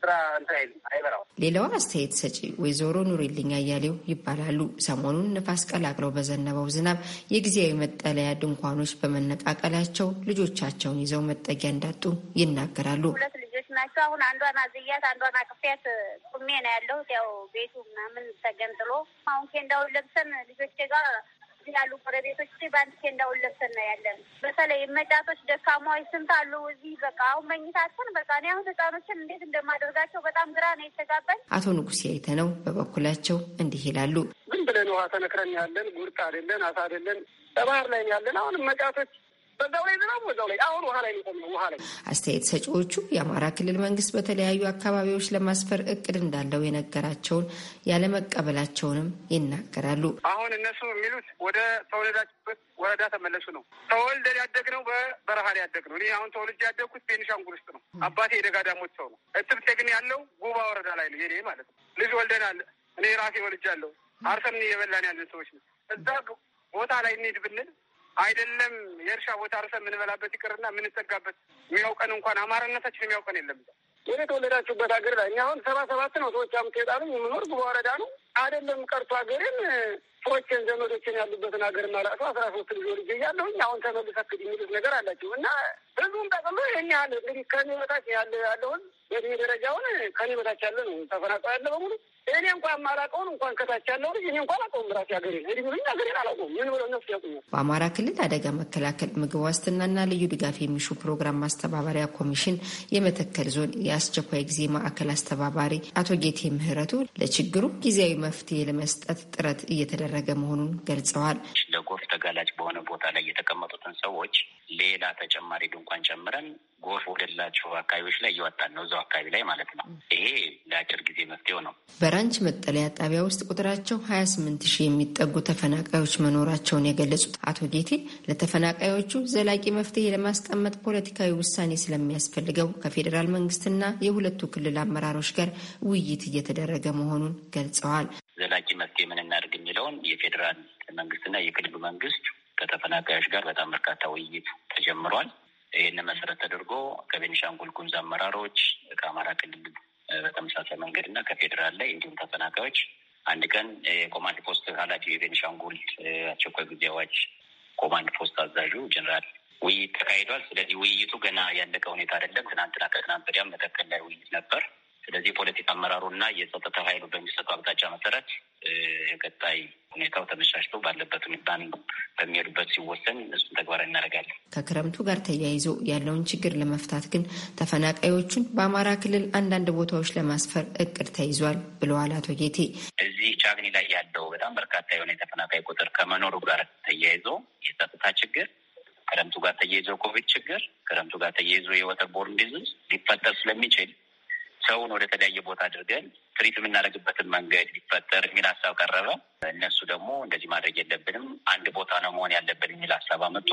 ስራ እንትን አይበራው። ሌላዋ አስተያየት ሰጪ ወይዘሮ ኑሪልኝ አያሌው ይባላሉ። ሰሞኑን ንፋስ ቀላቅለው በዘነበው ዝናብ የጊዜያዊ መጠለያ ድንኳኖች በመነቃቀላቸው ልጆቻቸውን ይዘው መጠጊያ እንዳጡ ይናገራሉ። ሁለት ልጆች ናቸው። አሁን አንዷን አዝያት አንዷን አቅፌያት ቁሜ ነው ያለሁት። ያው ቤቱ ምናምን ተገንጥሎ አሁን ኬንዳውን ለብሰን ልጆቼ ጋር እዚህ ያሉ ጎረቤቶች በአንድ ኬንዳውን ለብሰን ነው ያለን። በተለይ መጫቶች ደካማዎች ስንት አሉ እዚህ በቃ አሁን መኝታችን በቃ እኔ አሁን ህጻኖችን እንዴት እንደማደርጋቸው በጣም ግራ ነው የተጋባኝ። አቶ ንጉሴ አይተነው በበኩላቸው እንዲህ ይላሉ። ዝም ብለን ውሃ ተነክረን ያለን ጉርጥ አደለን አሳ አደለን በባህር ላይ ያለን አሁንም መጫቶች በዛው ላይ ዝናቡ በዛው ላይ አሁን ውሃ ላይ ቆም ነው ውሃ ላይ። አስተያየት ሰጪዎቹ የአማራ ክልል መንግስት በተለያዩ አካባቢዎች ለማስፈር እቅድ እንዳለው የነገራቸውን ያለመቀበላቸውንም ይናገራሉ። አሁን እነሱ የሚሉት ወደ ተወለዳችበት ወረዳ ተመለሱ ነው። ተወልደን ያደግነው በበረሃ ላይ ያደግነው። እኔ አሁን ተወልጄ ያደግኩት ቤኒሻንጉል ውስጥ ነው። አባቴ የደጋ ሰው ነው። እትብቴ ግን ያለው ጉባ ወረዳ ላይ ነው። የኔ ማለት ነው። ልጅ ወልደናል። እኔ ራሴ ወልጃለሁ። አርሰን እየበላን ያለን ሰዎች ነው። እዛ ቦታ ላይ እንሂድ ብንል አይደለም የእርሻ ቦታ ርሰ የምንበላበት ይቅርና የምንሰጋበት የሚያውቀን እንኳን አማራነታችን የሚያውቀን የለም። ይህ የተወለዳችሁበት ሀገር ላይ እኛ አሁን ሰባ ሰባት ነው ሰዎች አምትሄጣ የምኖር ግባ ወረዳ ነው አይደለም ቀርቶ ሀገርን ሰዎችን ዘመዶችን ያሉበትን ሀገር ማላጡ አስራ ሶስት ልጆ ልጅ እያለሁኝ አሁን ተመልሰክድ የሚሉት ነገር አላቸው እና ህዝቡም ጠቅሎ ይህን ያህል እንግዲህ ከኔ በታች ያለ ያለውን በእድሜ ደረጃውን ከኔ በታች ያለ ነው ተፈናቅሎ ያለ በሙሉ እኔ እንኳ ማላቀውን እንኳን ከታች ያለው ልጅ እኔ እንኳን አላቀውም። ራሴ ሀገሬ እድሜ ሀገሬን አላቀውም። ምን ብለው ነፍስ ያቁኛል። በአማራ ክልል አደጋ መከላከል ምግብ ዋስትናና ልዩ ድጋፍ የሚሹ ፕሮግራም ማስተባበሪያ ኮሚሽን የመተከል ዞን የአስቸኳይ ጊዜ ማዕከል አስተባባሪ አቶ ጌቴ ምህረቱ ለችግሩ ጊዜያዊ መፍትሄ ለመስጠት ጥረት እየተደረገ መሆኑን ገልጸዋል። ለጎርፍ ተጋላጭ በሆነ ቦታ ላይ የተቀመጡትን ሰዎች ሌላ ተጨማሪ ድንኳን ጨምረን ጎርፍ ወደላቸው አካባቢዎች ላይ እየወጣን ነው፣ እዛው አካባቢ ላይ ማለት ነው። ይሄ ለአጭር ጊዜ መፍትሄው ነው። በራንች መጠለያ ጣቢያ ውስጥ ቁጥራቸው ሀያ ስምንት ሺህ የሚጠጉ ተፈናቃዮች መኖራቸውን የገለጹት አቶ ጌቴ ለተፈናቃዮቹ ዘላቂ መፍትሄ ለማስቀመጥ ፖለቲካዊ ውሳኔ ስለሚያስፈልገው ከፌዴራል መንግስትና የሁለቱ ክልል አመራሮች ጋር ውይይት እየተደረገ መሆኑን ገልጸዋል። ዘላቂ መፍትሄ ምን እናድርግ የሚለውን የፌዴራል መንግስትና የክልሉ መንግስት ከተፈናቃዮች ጋር በጣም በርካታ ውይይት ተጀምሯል። ይህንን መሰረት ተደርጎ ከቤኒሻንጉል ጉሙዝ አመራሮች ከአማራ ክልል በተመሳሳይ መንገድ እና ከፌዴራል ላይ እንዲሁም ተፈናቃዮች አንድ ቀን የኮማንድ ፖስት ኃላፊ የቤኒሻንጉል አስቸኳይ ጊዜ አዋጅ ኮማንድ ፖስት አዛዡ ጀኔራል ውይይት ተካሂዷል። ስለዚህ ውይይቱ ገና ያለቀ ሁኔታ አይደለም። ትናንትና ከትናንት በዲያም መተከል ላይ ውይይት ነበር። ስለዚህ የፖለቲካ አመራሩ እና የጸጥታ ኃይሉ በሚሰጡ አቅጣጫ መሰረት የቀጣይ ሁኔታው ተመቻችቶ ባለበት ሁኔታ በሚሄዱበት ሲወሰን እሱን ተግባራዊ እናደርጋለን። ከክረምቱ ጋር ተያይዞ ያለውን ችግር ለመፍታት ግን ተፈናቃዮቹን በአማራ ክልል አንዳንድ ቦታዎች ለማስፈር እቅድ ተይዟል ብለዋል አቶ ጌቴ። እዚህ ቻግኒ ላይ ያለው በጣም በርካታ የሆነ የተፈናቃይ ቁጥር ከመኖሩ ጋር ተያይዞ የጸጥታ ችግር ክረምቱ ጋር ተያይዞ ኮቪድ ችግር ክረምቱ ጋር ተያይዞ የወተር ቦርን ቢዝነስ ሊፈጠር ስለሚችል ሰውን ወደ ተለያየ ቦታ አድርገን ትሪት የምናደርግበትን መንገድ ሊፈጠር የሚል ሀሳብ ቀረበ። እነሱ ደግሞ እንደዚህ ማድረግ የለብንም አንድ ቦታ ነው መሆን ያለብን የሚል ሀሳብ አመጡ።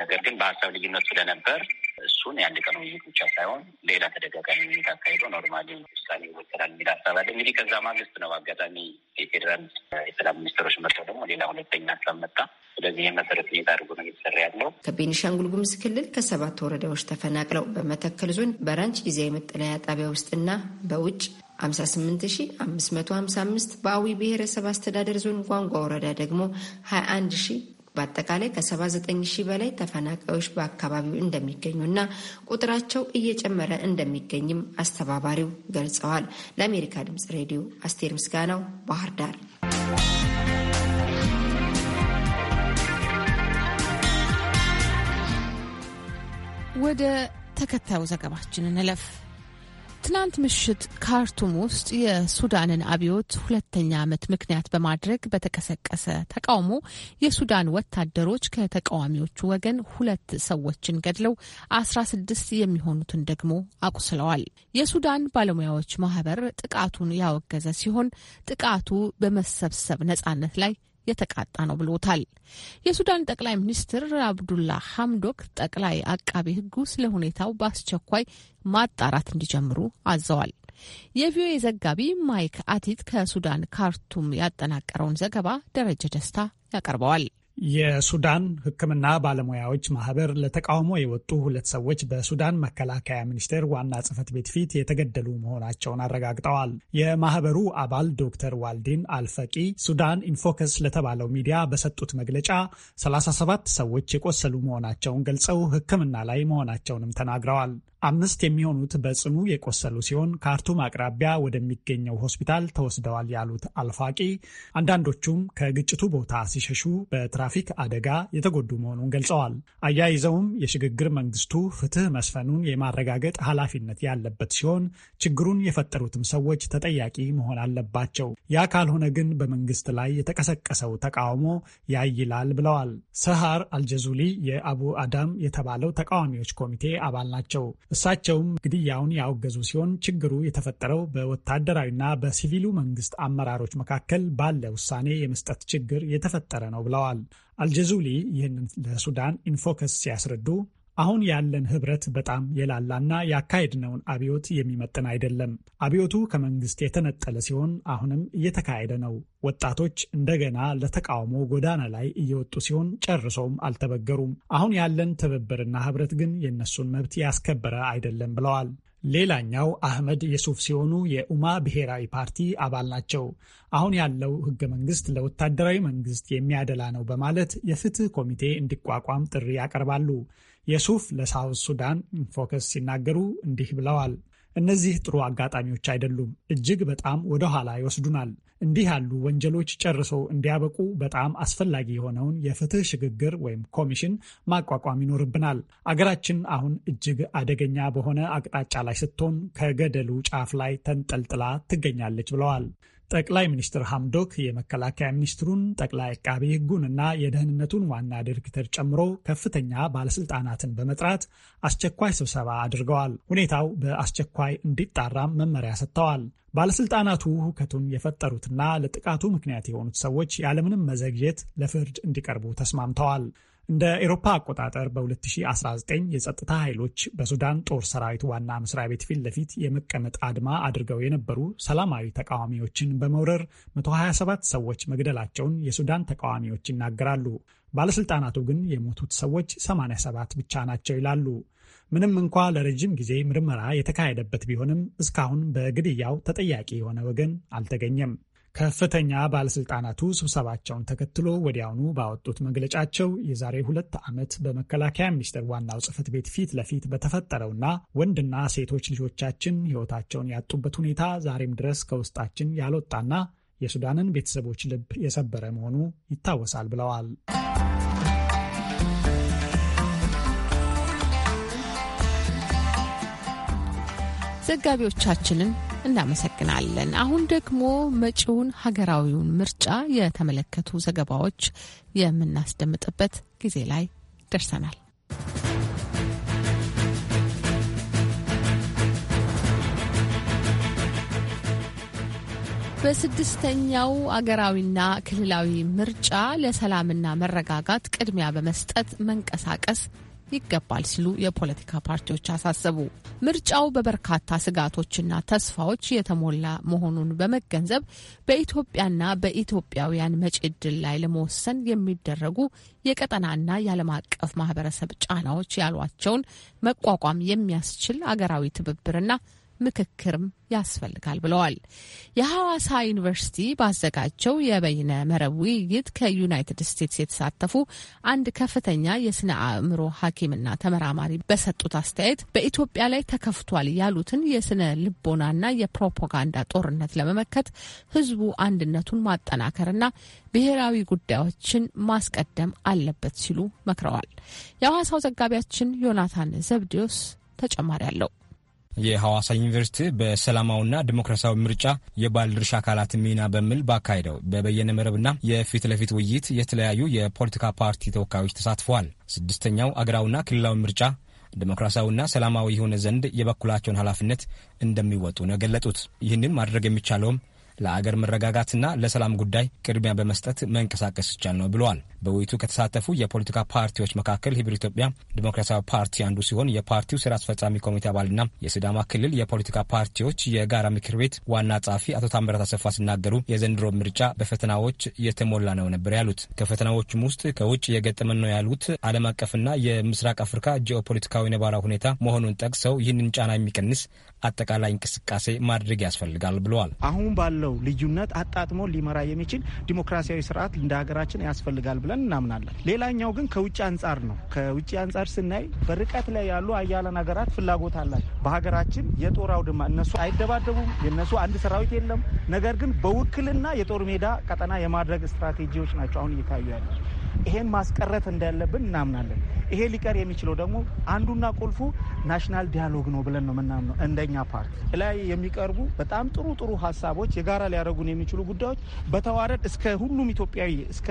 ነገር ግን በሀሳብ ልዩነት ስለነበር እሱን የአንድ ቀን ውይይት ብቻ ሳይሆን ሌላ ተደጋጋሚ ውይይት አካሂዶ ኖርማሊ ውሳኔ ይወሰዳል የሚል ሀሳብ አለ። እንግዲህ ከዛ ማግስት ነው አጋጣሚ የፌዴራል የሰላም ሚኒስትሮች መጥተው ደግሞ ሌላ ሁለተኛ ሀሳብ መጣ። ስለዚህ የመሰረት ሁኔታ አድርጎ ነው እየተሰራ ያለው። ከቤኒሻንጉል ጉምዝ ክልል ከሰባት ወረዳዎች ተፈናቅለው በመተከል ዞን በራንች ጊዜያዊ መጠለያ ጣቢያ ውስጥና በውጭ 58555 በአዊ ብሔረሰብ አስተዳደር ዞን ጓንጓ ወረዳ ደግሞ 21 በአጠቃላይ ከ79 ሺህ በላይ ተፈናቃዮች በአካባቢው እንደሚገኙና ቁጥራቸው እየጨመረ እንደሚገኝም አስተባባሪው ገልጸዋል። ለአሜሪካ ድምጽ ሬዲዮ አስቴር ምስጋናው ባህር ዳር። ወደ ተከታዩ ዘገባችን እንለፍ። ትናንት ምሽት ካርቱም ውስጥ የሱዳንን አብዮት ሁለተኛ ዓመት ምክንያት በማድረግ በተቀሰቀሰ ተቃውሞ የሱዳን ወታደሮች ከተቃዋሚዎቹ ወገን ሁለት ሰዎችን ገድለው አስራ ስድስት የሚሆኑትን ደግሞ አቁስለዋል። የሱዳን ባለሙያዎች ማህበር ጥቃቱን ያወገዘ ሲሆን ጥቃቱ በመሰብሰብ ነጻነት ላይ የተቃጣ ነው ብሎታል። የሱዳን ጠቅላይ ሚኒስትር አብዱላ ሐምዶክ ጠቅላይ አቃቤ ሕጉ ስለ ሁኔታው በአስቸኳይ ማጣራት እንዲጀምሩ አዘዋል። የቪኦኤ ዘጋቢ ማይክ አቲት ከሱዳን ካርቱም ያጠናቀረውን ዘገባ ደረጀ ደስታ ያቀርበዋል። የሱዳን ሕክምና ባለሙያዎች ማህበር ለተቃውሞ የወጡ ሁለት ሰዎች በሱዳን መከላከያ ሚኒስቴር ዋና ጽህፈት ቤት ፊት የተገደሉ መሆናቸውን አረጋግጠዋል። የማህበሩ አባል ዶክተር ዋልዲን አልፈቂ ሱዳን ኢንፎከስ ለተባለው ሚዲያ በሰጡት መግለጫ 37 ሰዎች የቆሰሉ መሆናቸውን ገልጸው ሕክምና ላይ መሆናቸውንም ተናግረዋል። አምስት የሚሆኑት በጽኑ የቆሰሉ ሲሆን ካርቱም አቅራቢያ ወደሚገኘው ሆስፒታል ተወስደዋል ያሉት አልፋቂ አንዳንዶቹም ከግጭቱ ቦታ ሲሸሹ በትራ የትራፊክ አደጋ የተጎዱ መሆኑን ገልጸዋል። አያይዘውም የሽግግር መንግስቱ ፍትህ መስፈኑን የማረጋገጥ ኃላፊነት ያለበት ሲሆን ችግሩን የፈጠሩትም ሰዎች ተጠያቂ መሆን አለባቸው። ያ ካልሆነ ግን በመንግስት ላይ የተቀሰቀሰው ተቃውሞ ያይላል ብለዋል። ሰሃር አልጀዙሊ የአቡ አዳም የተባለው ተቃዋሚዎች ኮሚቴ አባል ናቸው። እሳቸውም ግድያውን ያወገዙ ሲሆን ችግሩ የተፈጠረው በወታደራዊና በሲቪሉ መንግስት አመራሮች መካከል ባለ ውሳኔ የመስጠት ችግር የተፈጠረ ነው ብለዋል። አልጀዙሊ ይህንን ለሱዳን ኢንፎከስ ሲያስረዱ አሁን ያለን ህብረት በጣም የላላና ያካሄድነውን አብዮት የሚመጥን አይደለም። አብዮቱ ከመንግስት የተነጠለ ሲሆን አሁንም እየተካሄደ ነው። ወጣቶች እንደገና ለተቃውሞ ጎዳና ላይ እየወጡ ሲሆን ጨርሰውም አልተበገሩም። አሁን ያለን ትብብርና ህብረት ግን የእነሱን መብት ያስከበረ አይደለም ብለዋል። ሌላኛው አህመድ የሱፍ ሲሆኑ የኡማ ብሔራዊ ፓርቲ አባል ናቸው። አሁን ያለው ህገ መንግስት ለወታደራዊ መንግስት የሚያደላ ነው በማለት የፍትህ ኮሚቴ እንዲቋቋም ጥሪ ያቀርባሉ። የሱፍ ለሳውዝ ሱዳን ፎከስ ሲናገሩ እንዲህ ብለዋል። እነዚህ ጥሩ አጋጣሚዎች አይደሉም። እጅግ በጣም ወደ ኋላ ይወስዱናል። እንዲህ ያሉ ወንጀሎች ጨርሰው እንዲያበቁ በጣም አስፈላጊ የሆነውን የፍትህ ሽግግር ወይም ኮሚሽን ማቋቋም ይኖርብናል። አገራችን አሁን እጅግ አደገኛ በሆነ አቅጣጫ ላይ ስትሆን ከገደሉ ጫፍ ላይ ተንጠልጥላ ትገኛለች ብለዋል። ጠቅላይ ሚኒስትር ሐምዶክ የመከላከያ ሚኒስትሩን ጠቅላይ አቃቢ ሕጉንና የደህንነቱን ዋና ዳይሬክተር ጨምሮ ከፍተኛ ባለስልጣናትን በመጥራት አስቸኳይ ስብሰባ አድርገዋል። ሁኔታው በአስቸኳይ እንዲጣራም መመሪያ ሰጥተዋል። ባለስልጣናቱ ሁከቱን የፈጠሩትና ለጥቃቱ ምክንያት የሆኑት ሰዎች ያለምንም መዘግየት ለፍርድ እንዲቀርቡ ተስማምተዋል። እንደ ኤሮፓ አቆጣጠር በ2019 የጸጥታ ኃይሎች በሱዳን ጦር ሰራዊት ዋና መስሪያ ቤት ፊት ለፊት የመቀመጥ አድማ አድርገው የነበሩ ሰላማዊ ተቃዋሚዎችን በመውረር 127 ሰዎች መግደላቸውን የሱዳን ተቃዋሚዎች ይናገራሉ። ባለስልጣናቱ ግን የሞቱት ሰዎች 87 ብቻ ናቸው ይላሉ። ምንም እንኳ ለረጅም ጊዜ ምርመራ የተካሄደበት ቢሆንም እስካሁን በግድያው ተጠያቂ የሆነ ወገን አልተገኘም። ከፍተኛ ባለሥልጣናቱ ስብሰባቸውን ተከትሎ ወዲያውኑ ባወጡት መግለጫቸው የዛሬ ሁለት ዓመት በመከላከያ ሚኒስቴር ዋናው ጽህፈት ቤት ፊት ለፊት በተፈጠረውና ወንድና ሴቶች ልጆቻችን ሕይወታቸውን ያጡበት ሁኔታ ዛሬም ድረስ ከውስጣችን ያልወጣና የሱዳንን ቤተሰቦች ልብ የሰበረ መሆኑ ይታወሳል ብለዋል። ዘጋቢዎቻችንን እናመሰግናለን። አሁን ደግሞ መጪውን ሀገራዊውን ምርጫ የተመለከቱ ዘገባዎች የምናስደምጥበት ጊዜ ላይ ደርሰናል። በስድስተኛው አገራዊና ክልላዊ ምርጫ ለሰላምና መረጋጋት ቅድሚያ በመስጠት መንቀሳቀስ ይገባል ሲሉ የፖለቲካ ፓርቲዎች አሳሰቡ። ምርጫው በበርካታ ስጋቶችና ተስፋዎች የተሞላ መሆኑን በመገንዘብ በኢትዮጵያና በኢትዮጵያውያን መጪ ላይ ለመወሰን የሚደረጉ የቀጠናና የዓለም አቀፍ ማህበረሰብ ጫናዎች ያሏቸውን መቋቋም የሚያስችል አገራዊ ትብብርና ምክክርም ያስፈልጋል ብለዋል። የሐዋሳ ዩኒቨርሲቲ ባዘጋጀው የበይነ መረብ ውይይት ከዩናይትድ ስቴትስ የተሳተፉ አንድ ከፍተኛ የስነ አእምሮ ሐኪምና ተመራማሪ በሰጡት አስተያየት በኢትዮጵያ ላይ ተከፍቷል ያሉትን የስነ ልቦናና የፕሮፓጋንዳ ጦርነት ለመመከት ህዝቡ አንድነቱን ማጠናከርና ብሔራዊ ጉዳዮችን ማስቀደም አለበት ሲሉ መክረዋል። የሐዋሳው ዘጋቢያችን ዮናታን ዘብዲዮስ ተጨማሪ አለው። የሐዋሳ ዩኒቨርሲቲ በሰላማዊና ዲሞክራሲያዊ ምርጫ የባለድርሻ አካላት ሚና በሚል ባካሄደው በበየነ መረብና የፊት ለፊት ውይይት የተለያዩ የፖለቲካ ፓርቲ ተወካዮች ተሳትፈዋል። ስድስተኛው አገራዊና ክልላዊ ምርጫ ዲሞክራሲያዊና ሰላማዊ የሆነ ዘንድ የበኩላቸውን ኃላፊነት እንደሚወጡ ነው የገለጡት። ይህንን ማድረግ የሚቻለውም ለአገር መረጋጋትና ለሰላም ጉዳይ ቅድሚያ በመስጠት መንቀሳቀስ ይቻል ነው ብለዋል። በውይይቱ ከተሳተፉ የፖለቲካ ፓርቲዎች መካከል ህብር ኢትዮጵያ ዲሞክራሲያዊ ፓርቲ አንዱ ሲሆን የፓርቲው ስራ አስፈጻሚ ኮሚቴ አባልና የስዳማ ክልል የፖለቲካ ፓርቲዎች የጋራ ምክር ቤት ዋና ጸሐፊ አቶ ታምራት አሰፋ ሲናገሩ የዘንድሮ ምርጫ በፈተናዎች የተሞላ ነው ነበር ያሉት። ከፈተናዎቹም ውስጥ ከውጭ የገጠመን ነው ያሉት ዓለም አቀፍና የምስራቅ አፍሪካ ጂኦፖለቲካዊ ነባራዊ ሁኔታ መሆኑን ጠቅሰው ይህንን ጫና የሚቀንስ አጠቃላይ እንቅስቃሴ ማድረግ ያስፈልጋል ብለዋል። አሁን ባለው ልዩነት አጣጥሞ ሊመራ የሚችል ዲሞክራሲያዊ ስርዓት እንደ ሀገራችን ያስፈልጋል ብለን እናምናለን። ሌላኛው ግን ከውጭ አንጻር ነው። ከውጭ አንጻር ስናይ በርቀት ላይ ያሉ አያለን ሀገራት ፍላጎት አላቸው። በሀገራችን የጦር አውድማ እነሱ አይደባደቡም፣ የእነሱ አንድ ሰራዊት የለም። ነገር ግን በውክልና የጦር ሜዳ ቀጠና የማድረግ ስትራቴጂዎች ናቸው አሁን እየታዩ ያለ ይሄን ማስቀረት እንዳለብን እናምናለን። ይሄ ሊቀር የሚችለው ደግሞ አንዱና ቁልፉ ናሽናል ዲያሎግ ነው ብለን ነው የምናምነው። እንደኛ ፓርቲ ላይ የሚቀርቡ በጣም ጥሩ ጥሩ ሀሳቦች የጋራ ሊያደረጉን የሚችሉ ጉዳዮች በተዋረድ እስከ ሁሉም ኢትዮጵያዊ እስከ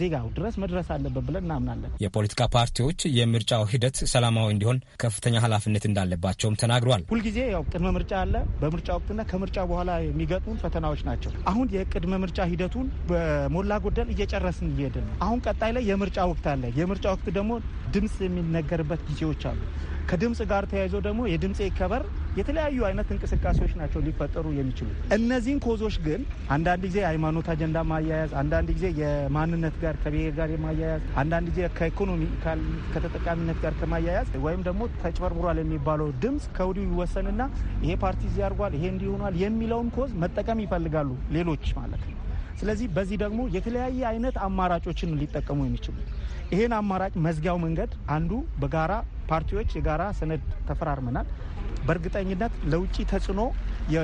ዜጋው ድረስ መድረስ አለበት ብለን እናምናለን። የፖለቲካ ፓርቲዎች የምርጫው ሂደት ሰላማዊ እንዲሆን ከፍተኛ ኃላፊነት እንዳለባቸውም ተናግሯል። ሁልጊዜ ያው ቅድመ ምርጫ አለ። በምርጫ ወቅትና ከምርጫ በኋላ የሚገጥሙን ፈተናዎች ናቸው። አሁን የቅድመ ምርጫ ሂደቱን በሞላ ጎደል እየጨረስን እየሄድን ነው። አሁን ቀጣይ ላይ የምርጫ ወቅት አለ። የምርጫ ወቅት ደግሞ ድምፅ የሚነገርበት ጊዜዎች አሉ። ከድምፅ ጋር ተያይዞ ደግሞ የድምፅ ይከበር የተለያዩ አይነት እንቅስቃሴዎች ናቸው ሊፈጠሩ የሚችሉ። እነዚህን ኮዞች ግን አንዳንድ ጊዜ ሃይማኖት አጀንዳ ማያያዝ፣ አንዳንድ ጊዜ የማንነት ጋር ከብሔር ጋር የማያያዝ፣ አንዳንድ ጊዜ ከኢኮኖሚ ከተጠቃሚነት ጋር ከማያያዝ ወይም ደግሞ ተጭበርብሯል የሚባለው ድምፅ ከወዲሁ ይወሰንና ይሄ ፓርቲ ዚያርጓል ይሄ እንዲሆኗል የሚለውን ኮዝ መጠቀም ይፈልጋሉ ሌሎች ማለት ነው። ስለዚህ በዚህ ደግሞ የተለያየ አይነት አማራጮችን ሊጠቀሙ የሚችሉ ይህን አማራጭ መዝጊያው መንገድ አንዱ በጋራ ፓርቲዎች የጋራ ሰነድ ተፈራርመናል። በእርግጠኝነት ለውጭ ተጽዕኖ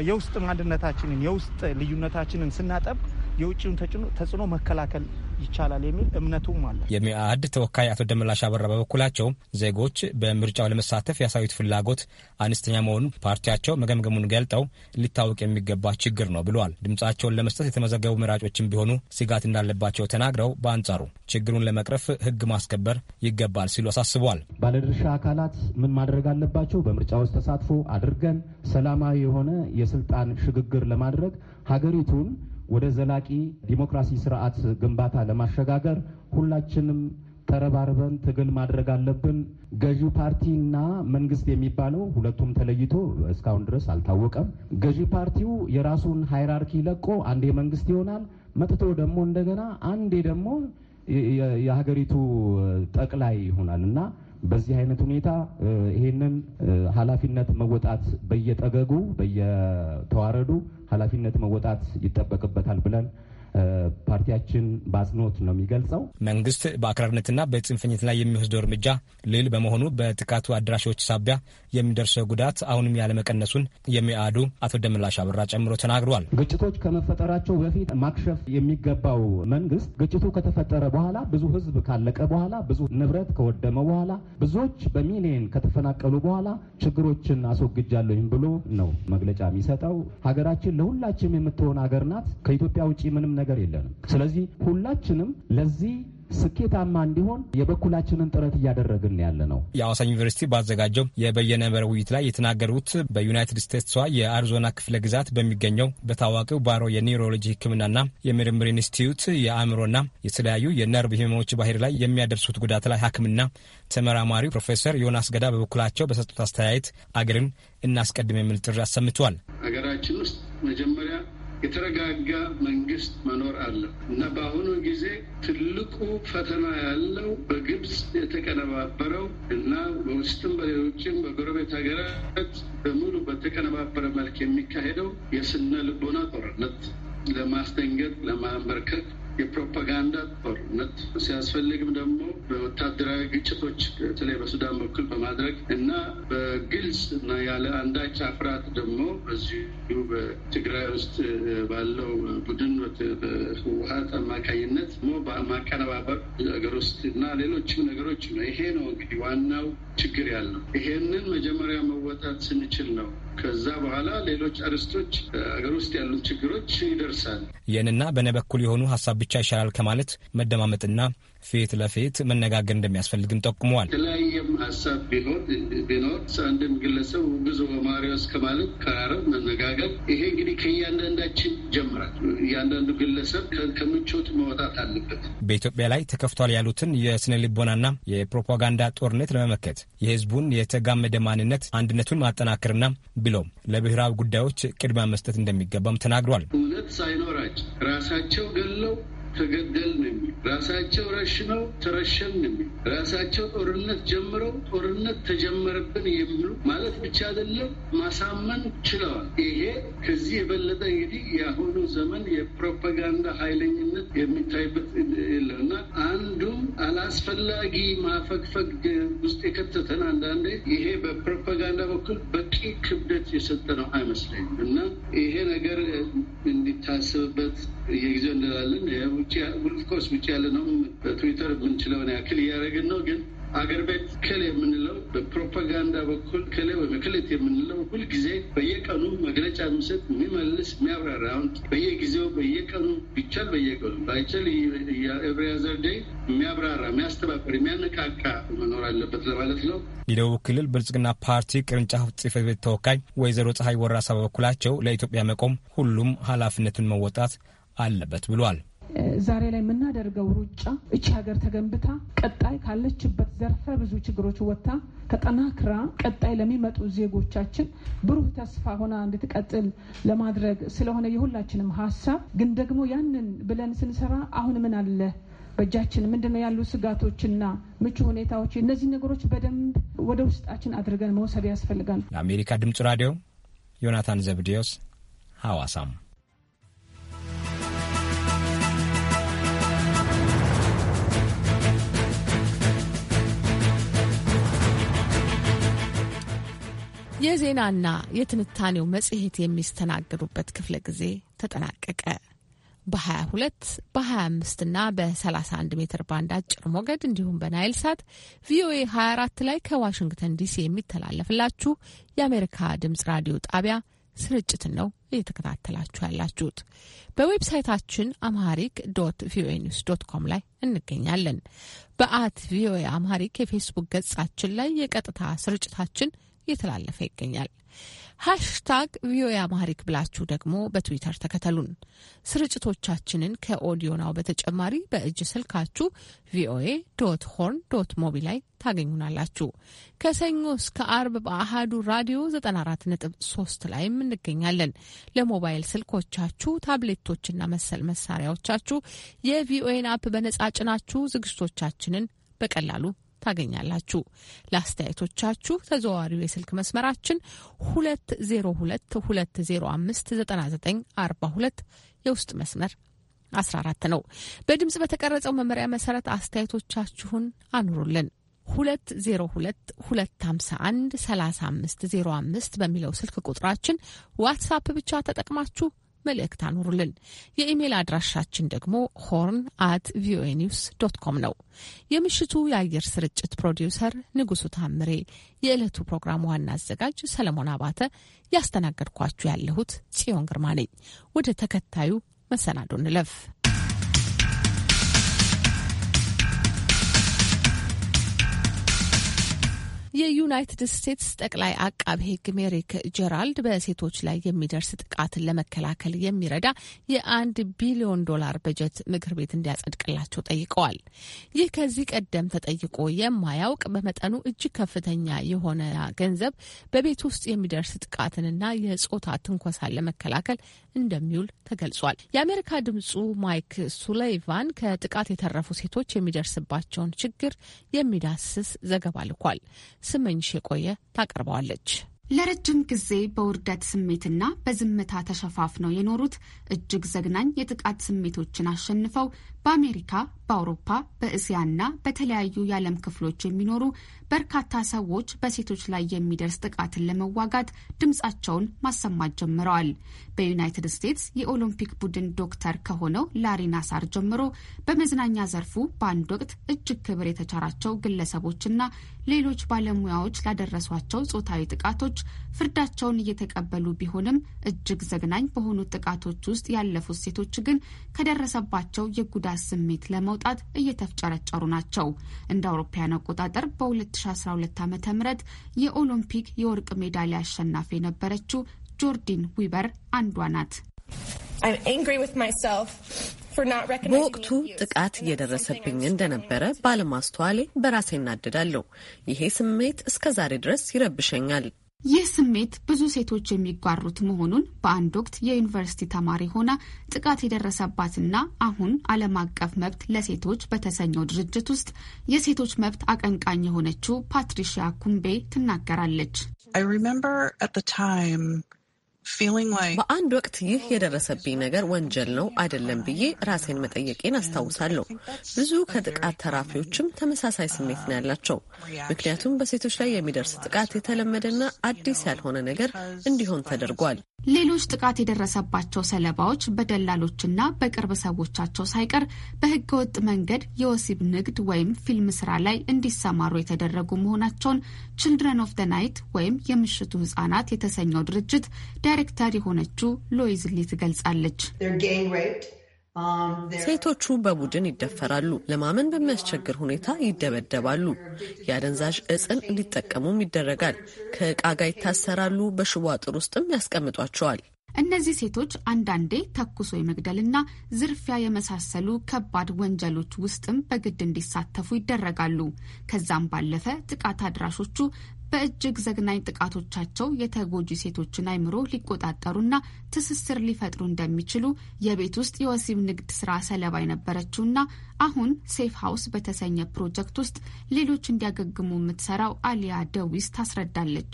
የውስጥ አንድነታችንን የውስጥ ልዩነታችንን ስናጠብ የውጭውን ተጽዕኖ መከላከል ይቻላል የሚል እምነቱም አለ። የሚአድ ተወካይ አቶ ደመላሽ አበራ በበኩላቸው ዜጎች በምርጫው ለመሳተፍ ያሳዩት ፍላጎት አነስተኛ መሆኑን ፓርቲያቸው መገምገሙን ገልጠው ሊታወቅ የሚገባ ችግር ነው ብለዋል። ድምጻቸውን ለመስጠት የተመዘገቡ መራጮችም ቢሆኑ ስጋት እንዳለባቸው ተናግረው በአንጻሩ ችግሩን ለመቅረፍ ህግ ማስከበር ይገባል ሲሉ አሳስቧል። ባለድርሻ አካላት ምን ማድረግ አለባቸው? በምርጫ ውስጥ ተሳትፎ አድርገን ሰላማዊ የሆነ የስልጣን ሽግግር ለማድረግ ሀገሪቱን ወደ ዘላቂ ዲሞክራሲ ስርዓት ግንባታ ለማሸጋገር ሁላችንም ተረባርበን ትግል ማድረግ አለብን። ገዢ ፓርቲና መንግስት የሚባለው ሁለቱም ተለይቶ እስካሁን ድረስ አልታወቀም። ገዢ ፓርቲው የራሱን ሃይራርኪ ለቆ አንዴ መንግስት ይሆናል፣ መጥቶ ደግሞ እንደገና አንዴ ደግሞ የሀገሪቱ ጠቅላይ ይሆናል እና በዚህ አይነት ሁኔታ ይሄንን ኃላፊነት መወጣት በየጠገጉ በየተዋረዱ ኃላፊነት መወጣት ይጠበቅበታል ብለን ፓርቲያችን በአጽንኦት ነው የሚገልጸው። መንግስት በአክራርነትና በጽንፈኝነት ላይ የሚወስደው እርምጃ ልል በመሆኑ በጥቃቱ አድራሾች ሳቢያ የሚደርሰው ጉዳት አሁንም ያለመቀነሱን የሚያዱ አቶ ደመላሽ አበራ ጨምሮ ተናግረዋል። ግጭቶች ከመፈጠራቸው በፊት ማክሸፍ የሚገባው መንግስት ግጭቱ ከተፈጠረ በኋላ ብዙ ህዝብ ካለቀ በኋላ ብዙ ንብረት ከወደመ በኋላ ብዙዎች በሚሊየን ከተፈናቀሉ በኋላ ችግሮችን አስወግጃለሁኝ ብሎ ነው መግለጫ የሚሰጠው። ሀገራችን ለሁላችንም የምትሆን ሀገር ናት። ከኢትዮጵያ ውጭ ምንም ነገር ነገር የለንም። ስለዚህ ሁላችንም ለዚህ ስኬታማ እንዲሆን የበኩላችንን ጥረት እያደረግን ያለ ነው። የአዋሳ ዩኒቨርሲቲ ባዘጋጀው የበየነ መረብ ውይይት ላይ የተናገሩት በዩናይትድ ስቴትሷ የአሪዞና ክፍለ ግዛት በሚገኘው በታዋቂው ባሮ የኒውሮሎጂ ሕክምናና የምርምር ኢንስቲትዩት የአእምሮና የተለያዩ የነርቭ ህመሞች ባህር ላይ የሚያደርሱት ጉዳት ላይ ሐክምና ተመራማሪው ፕሮፌሰር ዮናስ ገዳ በበኩላቸው በሰጡት አስተያየት አገርን እናስቀድም የሚል ጥሪ አሰምተዋል። ሀገራችን ውስጥ መጀመሪያ የተረጋጋ መንግስት መኖር አለ እና በአሁኑ ጊዜ ትልቁ ፈተና ያለው በግብፅ የተቀነባበረው እና በውስጥም በሌሎችም በጎረቤት ሀገራት በሙሉ በተቀነባበረ መልክ የሚካሄደው የስነ ልቦና ጦርነት ለማስደንገጥ፣ ለማንበርከት የፕሮፓጋንዳ ጦርነት ሲያስፈልግም ደግሞ በወታደራዊ ግጭቶች በተለይ በሱዳን በኩል በማድረግ እና በግልጽ እና ያለ አንዳች አፍራት ደግሞ በዚሁ በትግራይ ውስጥ ባለው ቡድን በህወሀት አማካኝነት በማቀነባበር ሀገር ውስጥ እና ሌሎችም ነገሮች ነው። ይሄ ነው እንግዲህ ዋናው ችግር ያለው። ይሄንን መጀመሪያ መወጣት ስንችል ነው ከዛ በኋላ ሌሎች አርስቶች ሀገር ውስጥ ያሉት ችግሮች ይደርሳል። ይህንና በእኔ በኩል የሆኑ ሀሳብ ብቻ ይሻላል ከማለት መደማመጥና ፊት ለፊት መነጋገር እንደሚያስፈልግም ጠቁመዋል። የተለያየም ሀሳብ ቢኖር ቢኖር አንድም ግለሰብ ብዙ በማሪዎስ ከማለት ከራረብ መነጋገር፣ ይሄ እንግዲህ ከእያንዳንዳችን ጀምራል። እያንዳንዱ ግለሰብ ከምቾት መውጣት አለበት። በኢትዮጵያ ላይ ተከፍቷል ያሉትን የስነ ልቦናና የፕሮፓጋንዳ ጦርነት ለመመከት የህዝቡን የተጋመደ ማንነት አንድነቱን ማጠናከርና ብሎም ለብሔራዊ ጉዳዮች ቅድሚያ መስጠት እንደሚገባም ተናግሯል። እውነት ሳይኖራቸው ራሳቸው ገለው ተገደልን የሚል ራሳቸው ረሽነው ተረሸን የሚል ራሳቸው ጦርነት ጀምረው ጦርነት ተጀመረብን የሚሉ ማለት ብቻ አይደለም ማሳመን ችለዋል። ይሄ ከዚህ የበለጠ እንግዲህ የአሁኑ ዘመን የፕሮፓጋንዳ ኃይለኝነት የሚታይበት የለምና አንዱም አላስፈላጊ ማፈግፈግ ውስጥ የከተተን አንዳንዴ ይሄ በፕሮፓጋንዳ በኩል በቂ ክብደት የሰጠ ነው አይመስለኝም እና ይሄ ነገር እንዲታሰብበት የጊዜው እንላለን። ውጭ ኦፍኮርስ ውጭ ያለ ነው በትዊተር የምንችለውን ያክል እያደረግን ነው ግን አገር ቤት ክል የምንለው በፕሮፓጋንዳ በኩል ክል ወይ ክልት የምንለው ሁልጊዜ በየቀኑ መግለጫ የሚሰጥ የሚመልስ የሚያብራራ አሁን በየጊዜው በየቀኑ ቢቻል በየቀኑ ባይቻል ኤቭሪ ዴይ የሚያብራራ የሚያስተባበር የሚያነቃቃ መኖር አለበት ለማለት ነው። የደቡብ ክልል ብልጽግና ፓርቲ ቅርንጫፍ ጽህፈት ቤት ተወካይ ወይዘሮ ፀሐይ ወራሳ በበኩላቸው ለኢትዮጵያ መቆም ሁሉም ኃላፊነቱን መወጣት አለበት ብሏል። ዛሬ ላይ የምናደርገው ሩጫ እቺ ሀገር ተገንብታ ቀጣይ ካለችበት ዘርፈ ብዙ ችግሮች ወጥታ ተጠናክራ ቀጣይ ለሚመጡ ዜጎቻችን ብሩህ ተስፋ ሆና እንድትቀጥል ለማድረግ ስለሆነ የሁላችንም ሀሳብ ግን ደግሞ ያንን ብለን ስንሰራ አሁን ምን አለ በእጃችን ምንድነው ያሉ ስጋቶችና ምቹ ሁኔታዎች፣ እነዚህ ነገሮች በደንብ ወደ ውስጣችን አድርገን መውሰድ ያስፈልጋል። ለአሜሪካ ድምጽ ራዲዮ ዮናታን ዘብዲዮስ ሐዋሳም የዜናና የትንታኔው መጽሔት የሚስተናገዱበት ክፍለ ጊዜ ተጠናቀቀ። በ22 በ25 እና በ31 ሜትር ባንድ አጭር ሞገድ እንዲሁም በናይል ሳት ቪኦኤ 24 ላይ ከዋሽንግተን ዲሲ የሚተላለፍላችሁ የአሜሪካ ድምጽ ራዲዮ ጣቢያ ስርጭትን ነው እየተከታተላችሁ ያላችሁት። በዌብሳይታችን አምሃሪክ ዶት ቪኦኤ ኒውስ ዶት ኮም ላይ እንገኛለን። በአት ቪኦኤ አምሃሪክ የፌስቡክ ገጻችን ላይ የቀጥታ ስርጭታችን እየተላለፈ ይገኛል። ሃሽታግ ቪኦኤ አማሪክ ብላችሁ ደግሞ በትዊተር ተከተሉን። ስርጭቶቻችንን ከኦዲዮ ናው በተጨማሪ በእጅ ስልካችሁ ቪኦኤ ዶት ሆርን ዶት ሞቢ ላይ ታገኙናላችሁ። ከሰኞ እስከ አርብ በአህዱ ራዲዮ 94.3 ላይም እንገኛለን። ለሞባይል ስልኮቻችሁ፣ ታብሌቶችና መሰል መሳሪያዎቻችሁ የቪኦኤን አፕ በነጻ ጭናችሁ ዝግጅቶቻችንን በቀላሉ ታገኛላችሁ። ለአስተያየቶቻችሁ ተዘዋዋሪው የስልክ መስመራችን 202 የውስጥ መስመር 14 ነው። በድምፅ በተቀረጸው መመሪያ መሰረት አስተያየቶቻችሁን አኑሩልን። 2022513505 በሚለው ስልክ ቁጥራችን ዋትሳፕ ብቻ ተጠቅማችሁ መልእክት አኑሩልን። የኢሜል አድራሻችን ደግሞ ሆርን አት ቪኦኤ ኒውስ ዶት ኮም ነው። የምሽቱ የአየር ስርጭት ፕሮዲውሰር ንጉሱ ታምሬ፣ የዕለቱ ፕሮግራም ዋና አዘጋጅ ሰለሞን አባተ፣ ያስተናገድኳችሁ ያለሁት ጽዮን ግርማ ነኝ። ወደ ተከታዩ መሰናዶ እንለፍ። የዩናይትድ ስቴትስ ጠቅላይ አቃቢ ሕግ ሜሪክ ጀራልድ በሴቶች ላይ የሚደርስ ጥቃትን ለመከላከል የሚረዳ የአንድ ቢሊዮን ዶላር በጀት ምክር ቤት እንዲያጸድቅላቸው ጠይቀዋል። ይህ ከዚህ ቀደም ተጠይቆ የማያውቅ በመጠኑ እጅግ ከፍተኛ የሆነ ገንዘብ በቤት ውስጥ የሚደርስ ጥቃትንና የጾታ ትንኮሳን ለመከላከል እንደሚውል ተገልጿል። የአሜሪካ ድምፁ ማይክ ሱሌይቫን ከጥቃት የተረፉ ሴቶች የሚደርስባቸውን ችግር የሚዳስስ ዘገባ ልኳል። ስመኝሽ የቆየ ታቀርበዋለች። ለረጅም ጊዜ በውርደት ስሜትና በዝምታ ተሸፋፍነው የኖሩት እጅግ ዘግናኝ የጥቃት ስሜቶችን አሸንፈው በአሜሪካ፣ በአውሮፓ፣ በእስያና በተለያዩ የዓለም ክፍሎች የሚኖሩ በርካታ ሰዎች በሴቶች ላይ የሚደርስ ጥቃትን ለመዋጋት ድምጻቸውን ማሰማት ጀምረዋል። በዩናይትድ ስቴትስ የኦሎምፒክ ቡድን ዶክተር ከሆነው ላሪ ናሳር ጀምሮ በመዝናኛ ዘርፉ በአንድ ወቅት እጅግ ክብር የተቻራቸው ግለሰቦችና ሌሎች ባለሙያዎች ላደረሷቸው ጾታዊ ጥቃቶች ፍርዳቸውን እየተቀበሉ ቢሆንም እጅግ ዘግናኝ በሆኑ ጥቃቶች ውስጥ ያለፉት ሴቶች ግን ከደረሰባቸው የጉዳት ስሜት ለመውጣት እየተፍጨረጨሩ ናቸው። እንደ አውሮፓያን አቆጣጠር በ2012 ዓ ም የኦሎምፒክ የወርቅ ሜዳሊያ አሸናፊ የነበረችው ጆርዲን ዊበር አንዷ ናት። በወቅቱ ጥቃት እየደረሰብኝ እንደነበረ ባለማስተዋሌ በራሴ እናደዳለሁ። ይሄ ስሜት እስከ ዛሬ ድረስ ይረብሸኛል። ይህ ስሜት ብዙ ሴቶች የሚጓሩት መሆኑን በአንድ ወቅት የዩኒቨርሲቲ ተማሪ ሆና ጥቃት የደረሰባትና አሁን ዓለም አቀፍ መብት ለሴቶች በተሰኘው ድርጅት ውስጥ የሴቶች መብት አቀንቃኝ የሆነችው ፓትሪሺያ ኩምቤ ትናገራለች። በአንድ ወቅት ይህ የደረሰብኝ ነገር ወንጀል ነው አይደለም ብዬ ራሴን መጠየቄን አስታውሳለሁ። ብዙ ከጥቃት ተራፊዎችም ተመሳሳይ ስሜት ነው ያላቸው። ምክንያቱም በሴቶች ላይ የሚደርስ ጥቃት የተለመደና አዲስ ያልሆነ ነገር እንዲሆን ተደርጓል። ሌሎች ጥቃት የደረሰባቸው ሰለባዎች በደላሎችና በቅርብ ሰዎቻቸው ሳይቀር በህገወጥ መንገድ የወሲብ ንግድ ወይም ፊልም ስራ ላይ እንዲሰማሩ የተደረጉ መሆናቸውን ችልድረን ኦፍ ደ ናይት ወይም የምሽቱ ህጻናት የተሰኘው ድርጅት ዳይሬክተር የሆነችው ሎይዝሊ ትገልጻለች። um, ሴቶቹ በቡድን ይደፈራሉ፣ ለማመን በሚያስቸግር ሁኔታ ይደበደባሉ፣ የአደንዛዥ እጽን እንዲጠቀሙም ይደረጋል፣ ከእቃ ጋር ይታሰራሉ፣ በሽቦ አጥር ውስጥም ያስቀምጧቸዋል። እነዚህ ሴቶች አንዳንዴ ተኩሶ የመግደልና ዝርፊያ የመሳሰሉ ከባድ ወንጀሎች ውስጥም በግድ እንዲሳተፉ ይደረጋሉ። ከዛም ባለፈ ጥቃት አድራሾቹ በእጅግ ዘግናኝ ጥቃቶቻቸው የተጎጂ ሴቶችን አይምሮ ሊቆጣጠሩና ትስስር ሊፈጥሩ እንደሚችሉ የቤት ውስጥ የወሲብ ንግድ ስራ ሰለባ የነበረችውና አሁን ሴፍ ሀውስ በተሰኘ ፕሮጀክት ውስጥ ሌሎች እንዲያገግሙ የምትሰራው አሊያ ደዊስ ታስረዳለች።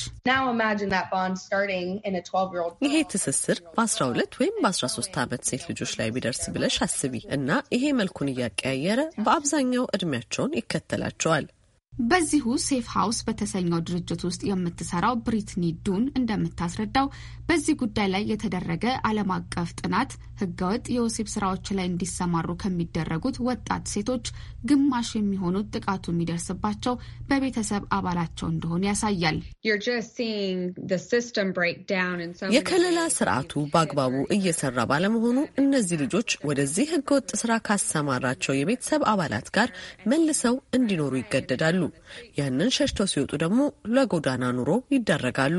ይሄ ትስስር በ12 ወይም በ13 ዓመት ሴት ልጆች ላይ ቢደርስ ብለሽ አስቢ እና ይሄ መልኩን እያቀያየረ በአብዛኛው እድሜያቸውን ይከተላቸዋል። በዚሁ ሴፍ ሀውስ በተሰኘው ድርጅት ውስጥ የምትሰራው ብሪትኒ ዱን እንደምታስረዳው በዚህ ጉዳይ ላይ የተደረገ ዓለም አቀፍ ጥናት ህገወጥ የወሲብ ስራዎች ላይ እንዲሰማሩ ከሚደረጉት ወጣት ሴቶች ግማሽ የሚሆኑት ጥቃቱ የሚደርስባቸው በቤተሰብ አባላቸው እንደሆነ ያሳያል። የከለላ ስርዓቱ በአግባቡ እየሰራ ባለመሆኑ እነዚህ ልጆች ወደዚህ ህገወጥ ስራ ካሰማራቸው የቤተሰብ አባላት ጋር መልሰው እንዲኖሩ ይገደዳሉ። ያንን ሸሽተው ሲወጡ ደግሞ ለጎዳና ኑሮ ይዳረጋሉ።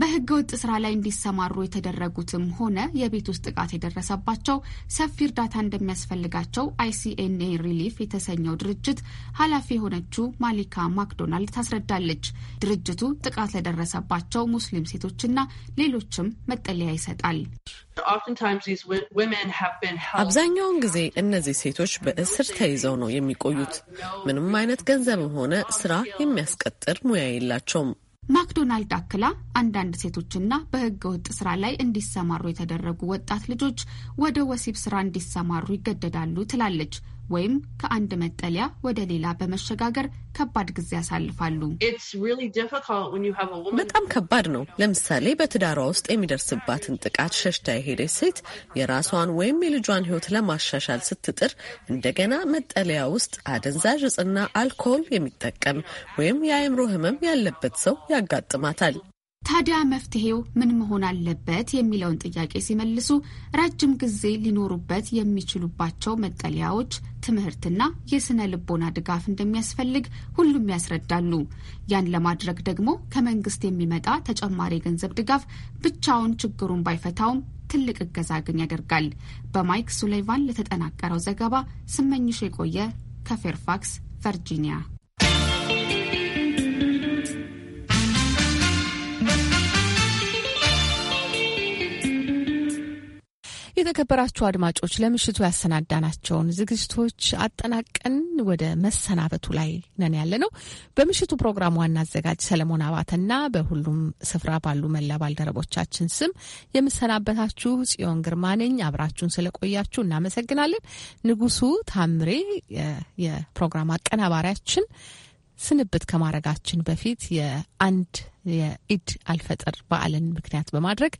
በህገ ወጥ ስራ ላይ እንዲሰማሩ የተደረጉትም ሆነ የቤት ውስጥ ጥቃት የደረሰባቸው ሰፊ እርዳታ እንደሚያስፈልጋቸው አይሲኤንኤ ሪሊፍ የተሰኘው ድርጅት ኃላፊ የሆነችው ማሊካ ማክዶናልድ ታስረዳለች። ድርጅቱ ጥቃት ለደረሰባቸው ሙስሊም ሴቶችና ሌሎችም መጠለያ ይሰጣል። አብዛኛውን ጊዜ እነዚህ ሴቶች በእስር ተይዘው ነው የሚቆዩት። ምንም አይነት ገንዘብም ሆነ ስራ የሚያስቀጥር ሙያ የላቸውም። ማክዶናልድ አክላ አንዳንድ ሴቶችና በህገ ወጥ ስራ ላይ እንዲሰማሩ የተደረጉ ወጣት ልጆች ወደ ወሲብ ስራ እንዲሰማሩ ይገደዳሉ ትላለች። ወይም ከአንድ መጠለያ ወደ ሌላ በመሸጋገር ከባድ ጊዜ ያሳልፋሉ። በጣም ከባድ ነው። ለምሳሌ በትዳሯ ውስጥ የሚደርስባትን ጥቃት ሸሽታ የሄደች ሴት የራሷን ወይም የልጇን ሕይወት ለማሻሻል ስትጥር እንደገና መጠለያ ውስጥ አደንዛዥ እጽና አልኮል የሚጠቀም ወይም የአእምሮ ሕመም ያለበት ሰው ያጋጥማታል። ታዲያ መፍትሄው ምን መሆን አለበት የሚለውን ጥያቄ ሲመልሱ ረጅም ጊዜ ሊኖሩበት የሚችሉባቸው መጠለያዎች፣ ትምህርትና የስነ ልቦና ድጋፍ እንደሚያስፈልግ ሁሉም ያስረዳሉ። ያን ለማድረግ ደግሞ ከመንግስት የሚመጣ ተጨማሪ የገንዘብ ድጋፍ ብቻውን ችግሩን ባይፈታውም ትልቅ እገዛ ግን ያደርጋል። በማይክ ሱሌቫን ለተጠናቀረው ዘገባ ስመኝሽ የቆየ ከፌርፋክስ ቨርጂኒያ የተከበራችሁ አድማጮች ለምሽቱ ያሰናዳናቸውን ዝግጅቶች አጠናቀን ወደ መሰናበቱ ላይ ነን ያለ ነው። በምሽቱ ፕሮግራም ዋና አዘጋጅ ሰለሞን አባተና በሁሉም ስፍራ ባሉ መላ ባልደረቦቻችን ስም የምሰናበታችሁ ጽዮን ግርማ ነኝ። አብራችሁን ስለቆያችሁ እናመሰግናለን። ንጉሱ ታምሬ የፕሮግራም አቀናባሪያችን ስንብት ከማድረጋችን በፊት የአንድ የኢድ አልፈጠር በዓልን ምክንያት በማድረግ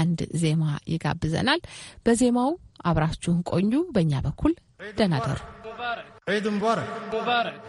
አንድ ዜማ ይጋብዘናል። በዜማው አብራችሁን ቆዩ። በእኛ በኩል ደህና ደሩ። ዒድ ሙባረክ